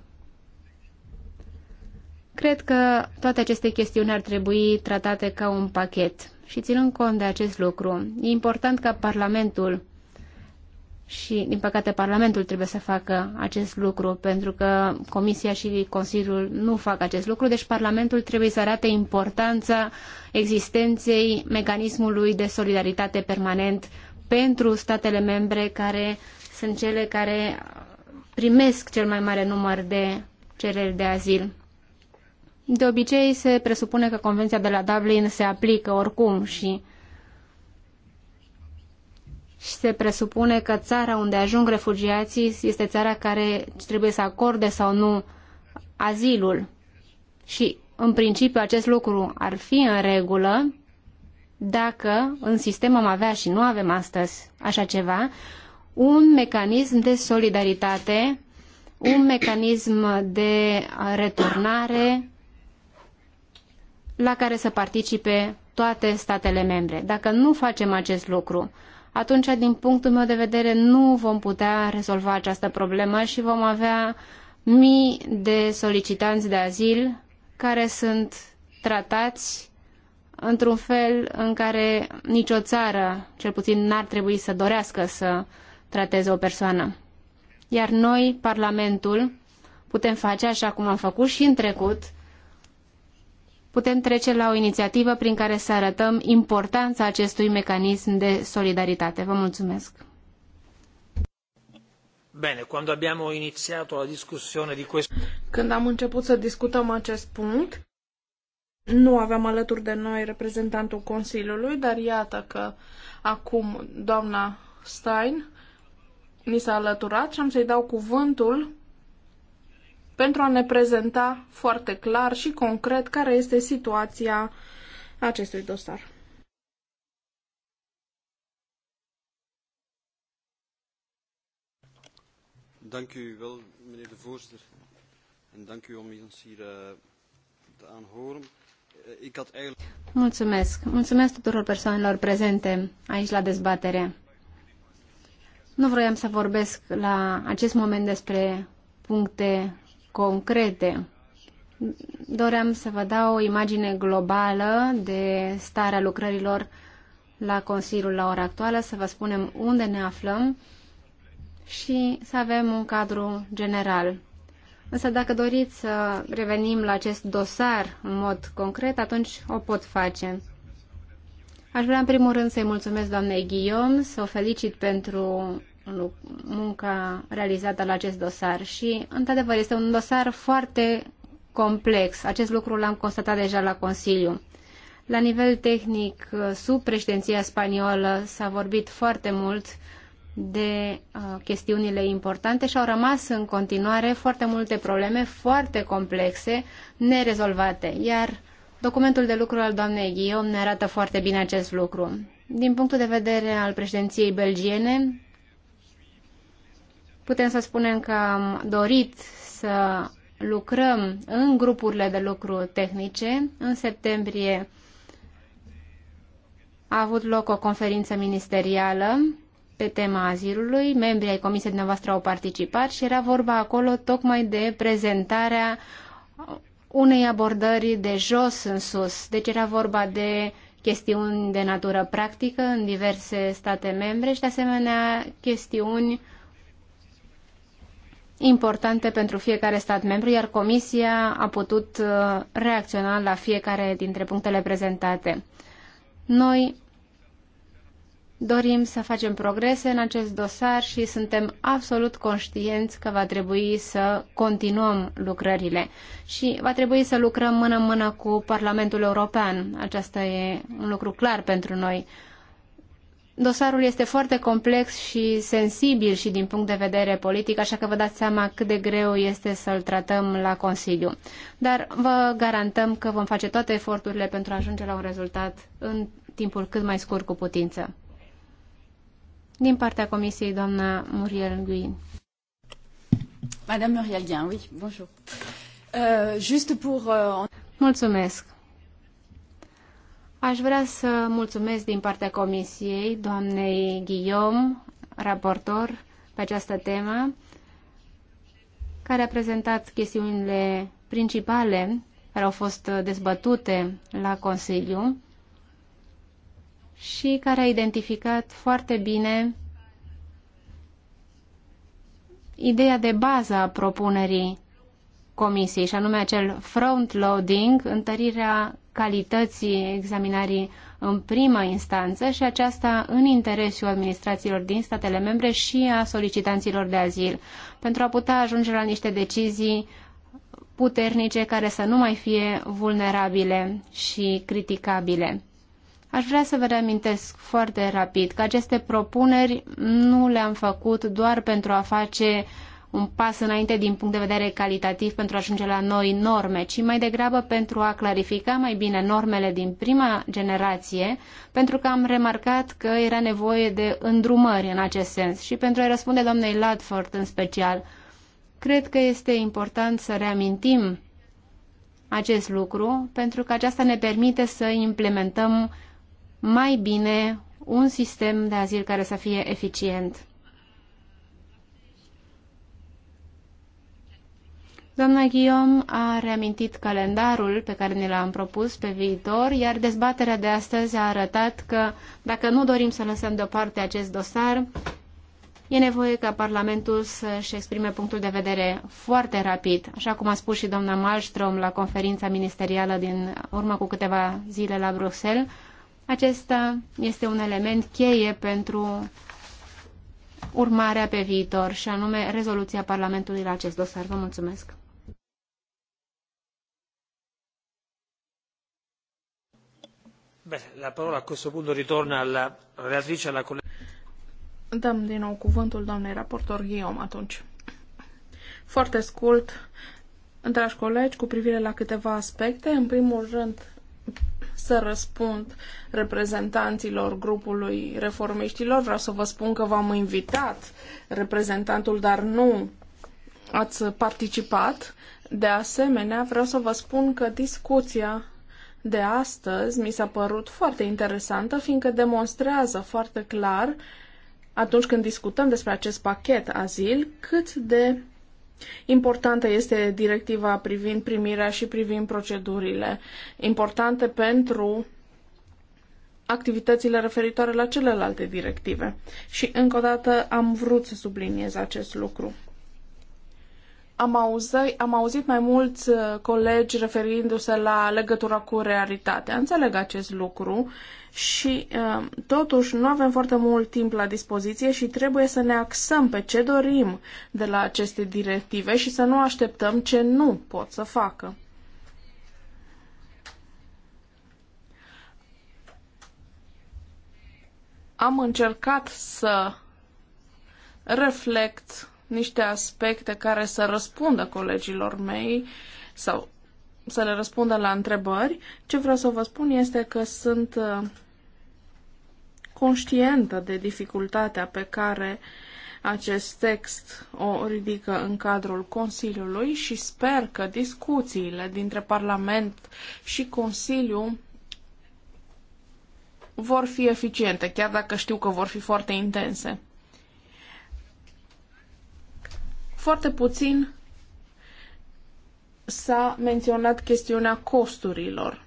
Cred că toate aceste chestiuni ar trebui tratate ca un pachet și ținând cont de acest lucru, e important ca Parlamentul și, din păcate, Parlamentul trebuie să facă acest lucru, pentru că Comisia și Consiliul nu fac acest lucru, deci Parlamentul trebuie să arate importanța existenței mecanismului de solidaritate permanent pentru statele membre care sunt cele care primesc cel mai mare număr de cereri de azil. De obicei se presupune că Convenția de la Dublin se aplică oricum și și se presupune că țara unde ajung refugiații este țara care trebuie să acorde sau nu azilul. Și, în principiu, acest lucru ar fi în regulă dacă în sistem am avea și nu avem astăzi așa ceva, un mecanism de solidaritate, un mecanism de returnare la care să participe toate statele membre. Dacă nu facem acest lucru, atunci, din punctul meu de vedere, nu vom putea rezolva această problemă și vom avea mii de solicitanți de azil care sunt tratați într-un fel în care nicio țară, cel puțin, n-ar trebui să dorească să trateze o persoană. Iar noi, Parlamentul, putem face, așa cum am făcut și în trecut, putem trece la o inițiativă prin care să arătăm importanța acestui mecanism de solidaritate. Vă mulțumesc! Bine, abbiamo iniziato la questo... Când am început să discutăm acest punct, nu aveam alături de noi reprezentantul Consiliului, dar iată că acum doamna Stein ni s-a alăturat și am să-i dau cuvântul pentru a ne prezenta foarte clar și concret care este situația acestui dosar. Dank u wel, meneer de voorzitter. En dank u om ons hier uh, te aanhoren. Uh, ik had eigenlijk... Mulțumesc. Mulțumesc tuturor persoanelor prezente aici la dezbatere. Nu vroiam să vorbesc la acest moment despre puncte concrete. Doream să vă dau o imagine globală de starea lucrărilor la Consiliul la ora actuală, să vă spunem unde ne aflăm și să avem un cadru general. Însă dacă doriți să revenim la acest dosar în mod concret, atunci o pot face. Aș vrea în primul rând să-i mulțumesc doamnei Guillaume, să o felicit pentru munca realizată la acest dosar și, într-adevăr, este un dosar foarte complex. Acest lucru l-am constatat deja la Consiliu. La nivel tehnic, sub președinția spaniolă s-a vorbit foarte mult de uh, chestiunile importante și au rămas în continuare foarte multe probleme foarte complexe, nerezolvate, iar documentul de lucru al doamnei Guillaume ne arată foarte bine acest lucru. Din punctul de vedere al președinției belgiene, Putem să spunem că am dorit să lucrăm în grupurile de lucru tehnice. În septembrie a avut loc o conferință ministerială pe tema azilului, membrii ai comisiei dumneavoastră au participat și era vorba acolo tocmai de prezentarea unei abordări de jos în sus. Deci era vorba de chestiuni de natură practică în diverse state membre și de asemenea chestiuni importante pentru fiecare stat membru, iar Comisia a putut uh, reacționa la fiecare dintre punctele prezentate. Noi dorim să facem progrese în acest dosar și suntem absolut conștienți că va trebui să continuăm lucrările și va trebui să lucrăm mână-mână cu Parlamentul European. Aceasta e un lucru clar pentru noi Dosarul este foarte complex și sensibil și din punct de vedere politic, așa că vă dați seama cât de greu este să-l tratăm la Consiliu. Dar vă garantăm că vom face toate eforturile pentru a ajunge la un rezultat în timpul cât mai scurt cu putință. Din partea Comisiei, doamna Muriel Guin. Madame Muriel Guin, oui, bonjour. Uh, juste pour... Uh... Mulțumesc. Aș vrea să mulțumesc din partea Comisiei, doamnei Guillaume, raportor pe această temă, care a prezentat chestiunile principale care au fost dezbătute la Consiliu și care a identificat foarte bine ideea de bază a propunerii Comisiei, și anume acel front-loading, întărirea calității examinării în prima instanță și aceasta în interesul administrațiilor din statele membre și a solicitanților de azil, pentru a putea ajunge la niște decizii puternice care să nu mai fie vulnerabile și criticabile. Aș vrea să vă reamintesc foarte rapid că aceste propuneri nu le-am făcut doar pentru a face uh, un pas înainte din punct de vedere calitativ pentru a ajunge la noi norme, ci mai degrabă pentru a clarifica mai bine normele din prima generație, pentru că am remarcat că era nevoie de îndrumări în acest sens și pentru a răspunde doamnei Ladford în special. Cred că este important să reamintim acest lucru, pentru că aceasta ne permite să implementăm mai bine un sistem de azil care să fie eficient. Doamna Guillaume a reamintit calendarul pe care ne l-am propus pe viitor, iar dezbaterea de astăzi a arătat că dacă nu dorim să lăsăm deoparte acest dosar, e nevoie ca Parlamentul să-și exprime punctul de vedere foarte rapid, așa cum a spus și doamna Malmström la conferința ministerială din urmă cu câteva zile la Bruxelles. Acesta este un element cheie pentru urmarea pe viitor, și anume rezoluția Parlamentului la acest dosar. Vă mulțumesc! Dăm din nou cuvântul doamnei raportor Guillaume atunci. Foarte scurt, dragi colegi, cu privire la câteva aspecte. În primul rând, să răspund reprezentanților grupului reformiștilor. Vreau să vă spun că v-am invitat reprezentantul, dar nu ați participat. De asemenea, vreau să vă spun că discuția de astăzi mi s-a părut foarte interesantă, fiindcă demonstrează foarte clar, atunci când discutăm despre acest pachet azil, cât de Importantă este directiva privind primirea și privind procedurile, importante pentru activitățile referitoare la celelalte directive. Și încă o dată am vrut să subliniez acest lucru am, auzit, am auzit mai mulți uh, colegi referindu-se la legătura cu realitatea. Înțeleg acest lucru și uh, totuși nu avem foarte mult timp la dispoziție și trebuie să ne axăm pe ce dorim de la aceste directive și să nu așteptăm ce nu pot să facă. Am încercat să reflect niște aspecte care să răspundă colegilor mei sau să le răspundă la întrebări. Ce vreau să vă spun este că sunt uh, conștientă de dificultatea pe care acest text o ridică în cadrul Consiliului și sper că discuțiile dintre Parlament și Consiliu vor fi eficiente, chiar dacă știu că vor fi foarte intense. Foarte puțin s-a menționat chestiunea costurilor.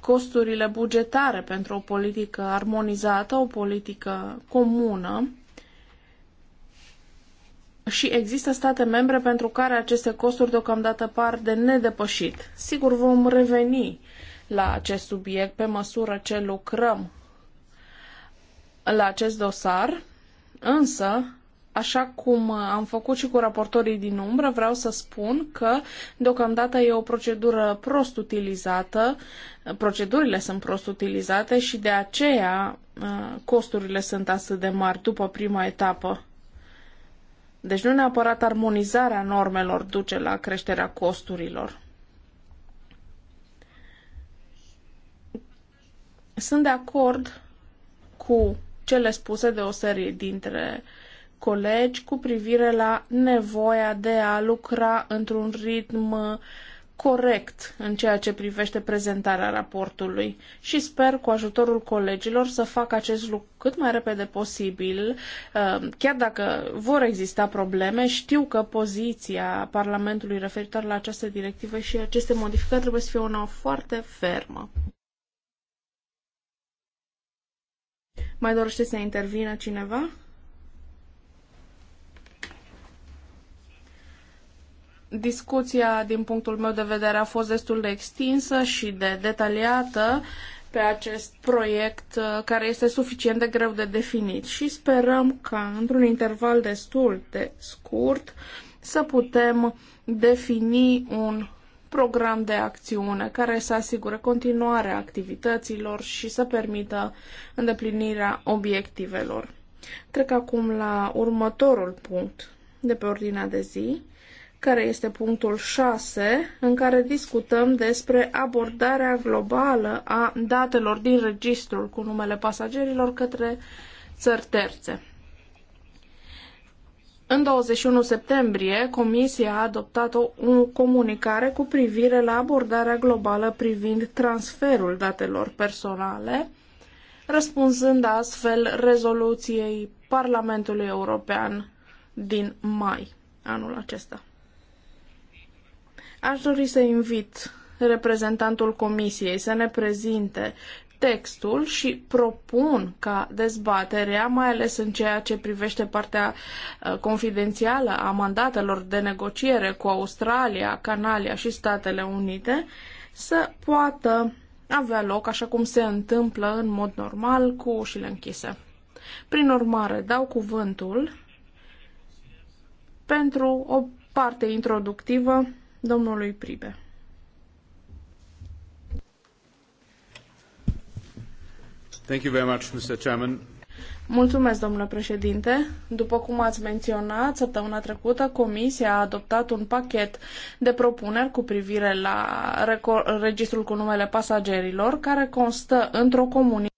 Costurile bugetare pentru o politică armonizată, o politică comună, și există state membre pentru care aceste costuri deocamdată par de nedepășit. Sigur, vom reveni la acest subiect pe măsură ce lucrăm la acest dosar, însă Așa cum uh, am făcut și cu raportorii din umbră, vreau să spun că deocamdată e o procedură prost utilizată, procedurile sunt prost utilizate și de aceea uh, costurile sunt atât de mari după prima etapă. Deci nu neapărat armonizarea normelor duce la creșterea costurilor. Sunt de acord cu cele spuse de o serie dintre uh, colegi cu privire la nevoia de a lucra într-un ritm corect în ceea ce privește prezentarea raportului și sper cu ajutorul colegilor să fac acest lucru cât mai repede posibil. Uh, chiar dacă vor exista probleme, știu că poziția Parlamentului referitor la această directivă și aceste modificări trebuie să fie una foarte fermă. Mai dorește să intervină cineva? Discuția, din punctul meu de vedere, a fost destul de extinsă și de detaliată pe acest proiect uh, care este suficient de greu de definit și sperăm ca într-un interval destul de scurt să putem defini un program de acțiune care să asigure continuarea activităților și să permită îndeplinirea obiectivelor. Trec acum la următorul punct de pe ordinea de zi, care este punctul 6, în care discutăm despre abordarea globală a datelor din registrul cu numele pasagerilor către țări terțe. În 21 septembrie, Comisia a adoptat o, o comunicare cu privire la abordarea globală privind transferul datelor personale, răspunzând astfel rezoluției Parlamentului European din mai anul acesta. Aș dori să invit reprezentantul Comisiei să ne prezinte textul și propun ca dezbaterea, mai ales în ceea ce privește partea uh, confidențială a mandatelor de negociere cu Australia, Canalia și Statele Unite, să poată avea loc așa cum se întâmplă în mod normal cu ușile închise. Prin urmare, dau cuvântul pentru o parte introductivă domnului Pribe. Thank you very much, Mr. Chairman. Mulțumesc, domnule președinte. După cum ați menționat, săptămâna trecută Comisia a adoptat un pachet de propuneri cu privire la registrul cu numele pasagerilor, care constă într-o comunitate.